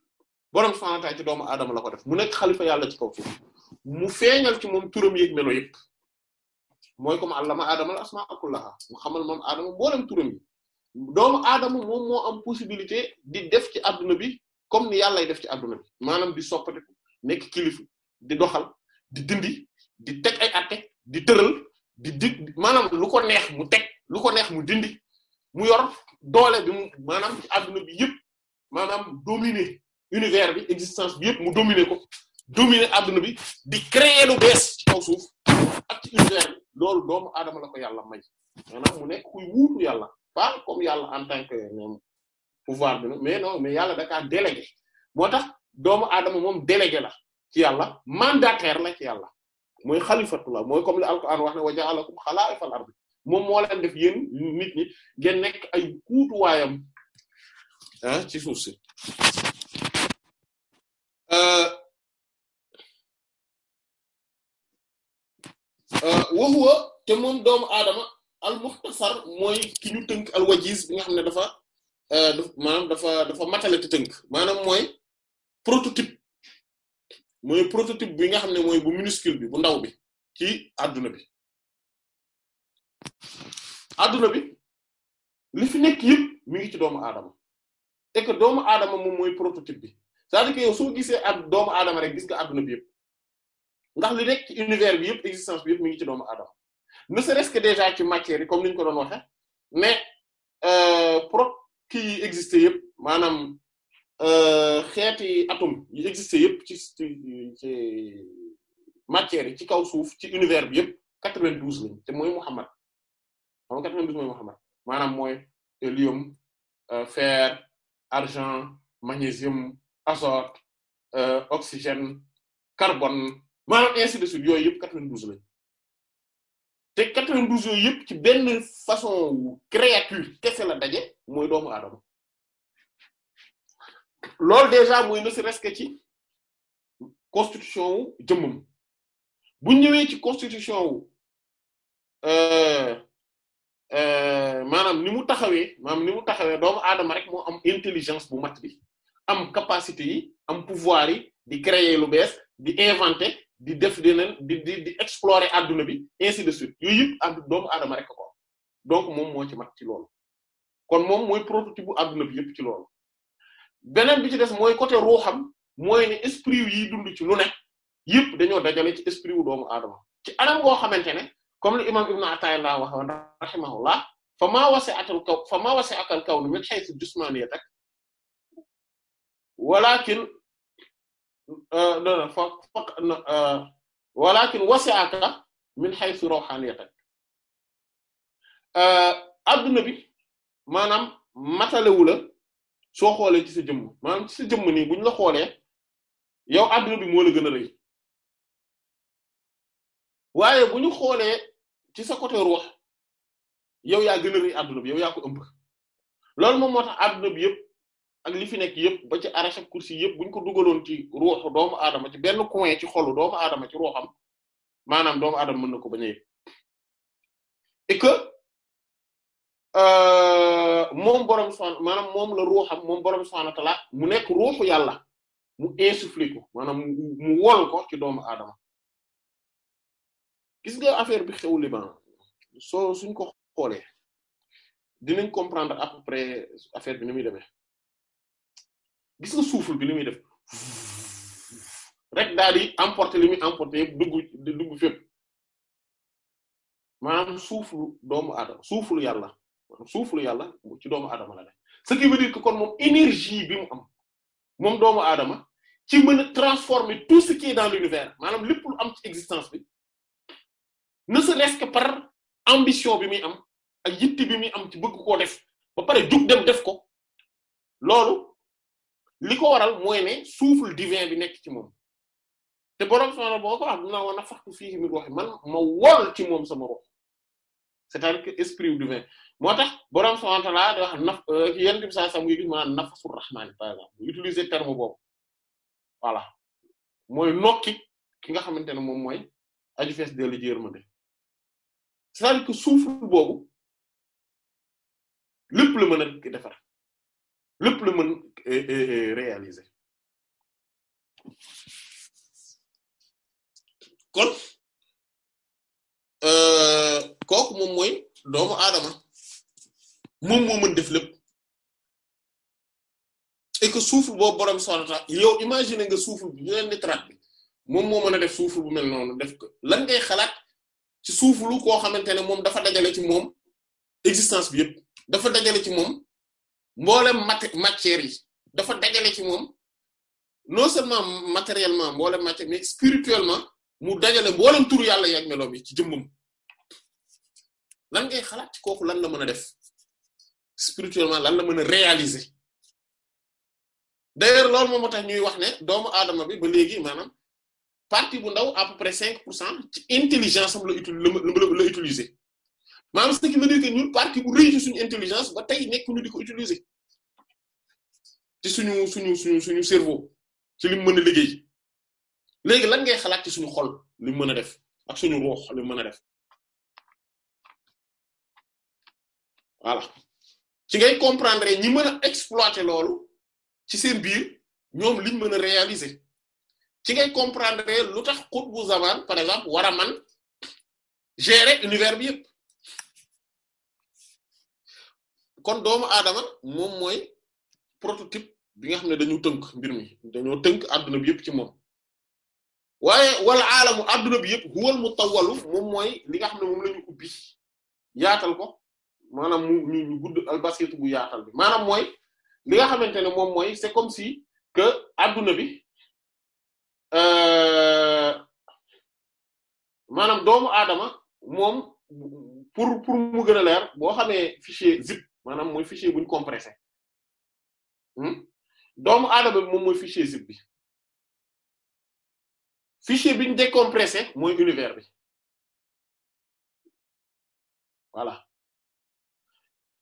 borom subhaanahu wa ta'aala ci doomu aadama la ko def mu nekk xalifa yàlla ci kaw suuf mu feeñal ci moom turam yeeg melo yëpp mooy comme allama aadama la asmaa kullaha mu xamal moom aadama mboolem turam yi doomu aadama moom moo am possibilité di def ci adduna bi comme ni yàllay def ci adduna bi maanaam di soppateku nekk kilifa di doxal di dindi di teg ay atte di tëral di di maanaam lu ko neex mu teg lu ko neex mu dindi mu yor doole bi mu maanaam ci bi yëpp maanaam dominer univers bi existence bi yëpp mu dominer ko dominer adduna bi di créer lu bees ci suuf ak univers bi loolu doomu aadama la ko yàlla may maanaam mu nekk kuy wuutu yàlla pas comme yàlla en tant que ñoom pouvoir bi mais no mais yàlla da kaa délégué moo tax doomu aadama moom délégué la ci yàlla mandataire la ci yàlla mooy xalifatullah mooy comme li alquran wax ne wa ja'alakum xalaa'ifal ardi moom moo leen def yéen nit ñi ngeen nekk
ay kuutuwaayam ah ci suuf si euh, euh, wa huwa te moom doomu aadama al muxtasar mooy ki ñu tënk al nga
xam ne dafa euh, maanaam dafa dafa matale te tënk maanaam mooy
prototype mooy prototype bi nga xam ne mooy bu minuscule bi bu ndaw bi ci adduna bi adduna bi li fi nekk yëpp mi ngi ci doomu aadama et que doomu aadama moom mooy prototype bi c'est-à-dire
soo gisee ak doomu aadama rek gis nga adduna bi yëpp ndax li nekk ci univers bi yëpp existence bi yëpp mi ngi ci doomu aadama ne serait-ce que déjà ci matière yi comme ni ñu ko doon waxe mais euh, pro kii yi existé yëpp maanaam Euh, xeeti atome yi existé yëpp ci ci matière yi ci kaw suuf ci univers bi yëpp quatre-vingt-douze lañ te mooy Muhammad xam nga quatre-vingt-douze mooy Muhammad maanaam mooy hélium euh, fer argent magnésium azote euh, oxygène carbon maanaam ainsi de suite yooyu yëpp quatre-vingt-douze lañ te quatre-vingt-douze yooyu yëpp ci benn façon créature kese la daje mooy doomu aadama loolu déjà muy ne si resque ci constitution wu jëmmam bu ñëwee ci constitution wu euh, euh, maanaam ni mu taxawee maam ni mu taxawee doomu aadama rek moo am intelligence bu mat bi am capacité yi am pouvoir yi di créer lu bees di inventer di def deneen di di di explorer àdduna bi ainsi de suite yooyu yëpp addu rek donc moom moo ci mat ci loolu kon moom mooy prototype bu adduna bi yëpp ci loolu beneen bi ci des mooy côté ruuxam mooy ne esprit yi dund ci lu ne yëpp dañoo dajale ci esprit wu doomu aadama ci anam goo xamante ne comme le imam ibnu Ata'illah wax rahimahullah fa maa wasi'atul kaw fa maa wasi'akal kawnu min haythu jismaniyatak walakin euh, fa fa euh, walakin wasi'aka min haythu ruhaniyatak euh, adduna bi
maanaam matalewula soo xoolee ci sa jëmm maanaam ci sa jëmm nii buñ la xoolee yow adduna bi moo la gën a rëy waaye bu xoolee ci sa côté ruux yow yaa gën a rëy adduna bi yow yaa ko ëmb
loolu moom moo tax adduna bi yëpp ak li fi nekk yëpp ba ci arachak kursi yëpp bu ko dugaloon ci ruuxu doomu aadama ci benn coin ci xolu doomu aadama ci ruuxam maanaam doomu aadama mën na ko bañ a yëg
Euh,
moom borom subhaanahu moom la ruuxam moom borom subhaanahu wa ta'aala mu nekk ruuxu yàlla mu insufflé maanaam mu wol ko ci doomu aadama gis nga affaire bi xew Liban soo suñ ko xoolee dinañ comprendre à affaire bi ni muy demee gis nga souffle bi li muy def rek daal di emporter li muy emporter yëpp dugg dugg doomu aadama souffle yàlla. suuflu yàlla ci doomu adama la ne ce qui veut dire kon moom énergie bi mu am moom doomu aadama ci mën a transformer tout ce qui est dans l'univers maanaam lépp lu am ci existence bi ne serait-ce que par ambition bi muy am ak yitte bi muy am ci bëgg koo def ba pare jug dem def ko loolu li ko waral mooy ne souffle divin bi nekk ci moom te borom subhaanahu wa ta'aala boo ko wax dina woon a faxtu fii min ruuhi man ma wol ci moom sama ruux c'est-à-dire que esprit du vin moo tax borom subhanahu wa ta'ala di wax naf euh, yenn bi saa sax muy gis maanaam nafasu rahmaani par terme boobu
voilà mooy nokki ki nga xamante ne moom mooy aju fees de la jërmande c'est-à-dire que souffle boobu lépp la mën a defar lépp la mën euh, euh, réaliser kon. kooku moom mooy doomu aadama moom moo mën def lépp et que souffle boobu borom subhaanahu wa ta'aala yow
imagine nga souffle bi ñu leen nitrate bi moom moo mën a def souffle bu mel noonu def ko lan ngay xalaat ci souffle koo xamante ne moom dafa dajale ci moom existence bi dafa dajale ci moom mboolem matière yi dafa dajale ci moom non seulement matériellement mboolem matière mais spirituellement mu dajale mboolem turu yàlla yeeg meloom yi ci jëmmam. lan ngay xalaat ci kooku lan la mën a def spirituellement lan la mën a réaliser d'ailleurs loolu moom moo tax ñuy wax ne doomu aadama bi ba léegi maanaam parti bu ndaw à près cinq pour cent ci intelligence am la uti la utiliser maanaam ce qui veut ba tey
nekk di ko utiliser
ci suñu suñu suñu suñu cerveau
ci lim mën a liggéey léegi lan ngay xalaat ci suñu xol li mën a def ak suñu ruux li mu mën a def voilà
ci ngay comprendre ñi mën exploité loolu ci seen biir ñoom liñ mën a réaliser ci ngay comprendre lu tax qutbu zaman par exemple war a man gérer univers bi yëpp kon doomu aadama moom mooy prototype bi nga xam ne dañu tënk mbir mi dañoo tënk adduna bi yëpp ci moom waaye wala aalamu adduna bi yëpp huwal mutawwalu moom mooy li nga xam ne moom lañu ubbi yaatal ko maanaam mu ñu gudd albasitu bu yaatal bi maanaam mooy li nga xamante ne moom mooy c'est comme si que adduna bi euh, maanaam doomu aadama moom pour pour mu gën a leer boo xamee fichier zip maanaam mooy
fichier bu ñu compressé hmm? doomu aadama bi moom mooy fichier zip bi fichier bi ñu décompressé mooy univers bi voilà.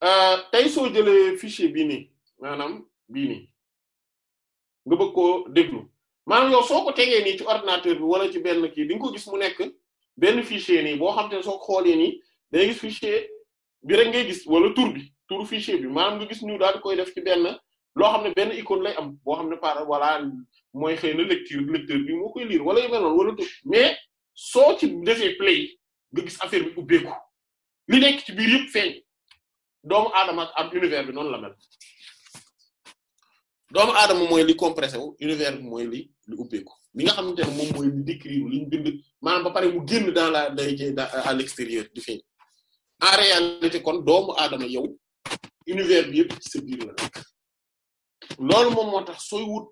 Euh, tey soo jëlee fichier bii nii maanaam bii nii nga bëgg koo déglu
maanaam yow soo ko tegee nii ci ordinateur bi wala ci benn kii di nga ko gis mu nekk benn fichier nii boo xam te ne soo ko xoolee nii day gis fichier bi rek ngay gis wala tur bi turu fichier bi maanaam nga gis ñu daal di koy def ci benn loo xam ne benn icône lay am boo xam ne par voilà mooy xëy na lecture lecteur bi moo koy liir wala yu mel wala tur mais soo ci defee play nga gis affaire bi ubbeeku li ci biir yëpp feeñ. doomu adama ak am univers bi noonu la mel doomu aadama mooy li compressé wu univers bi mooy li li ubbeeku li nga xam xamante ne moom mooy li décrire li ñu bind maanaam ba pare mu génn dans la day à l'extérieur du feeñ en réalité kon doomu aadama yow univers bi yëpp ci loolu moom moo tax sooy wut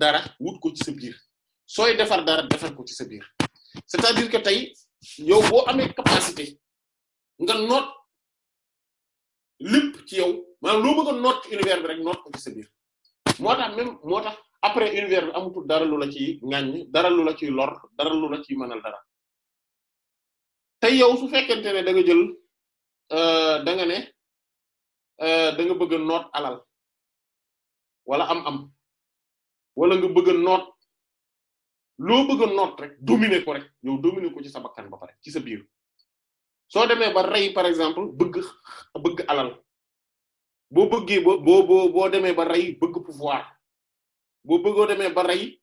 dara wut ko ci sa biir sooy defar dara defar ko ci sa biir c'est-à-dire que tey yow boo amee capacité nga noot lépp ci yow maanaam loo bëgg noot univers bi rek noot ko ci sa moo tax même moo tax après univers bi amatul dara lu la ci ŋaññi dara lu la ciy lor dara lu la ciy mënal dara
te yow su fekkente ne da jël euh, da nga ne euh, da nga bëgg a noot alal wala am-am wala nga bëgg a
noot loo bëgg noot rek dominer ko rek yow dominer ko ci sa bakkan ba pare ci sa biir. soo demee ba rey par exemple bëgg bëgg alal boo bëggee boo boo boo demee ba rey bëgg pouvoir boo bëggoo demee ba rey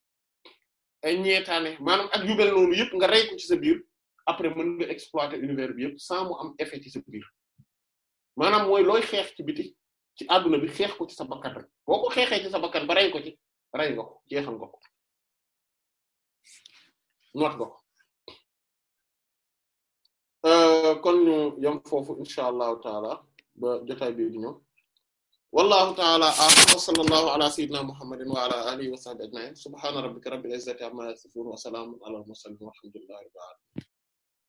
ay ñeetaane maanaam ak yu mel noonu yëpp nga rey ko ci sa biir après mën nga exploiter univers bi yëpp sans mu am effet ci sa biir maanaam mooy looy xeex ci biti
ci àdduna bi xeex ko ci sa bakkan rek boo ko xeexee ci sa bakkan ba rey ko ci rey nga ko jeexal nga noot nga Euh, kon ñu yam foofu incha allah taala ba jotaay bi di ñëw
wallahu taala a'lam wa sallallahu ala sayyidina muhammadin wa ala alihi wa bi ajma'in subhana rabbika rabbil izzati amma yasifun wa ala al mursalin walhamdulillahi rabbil alamin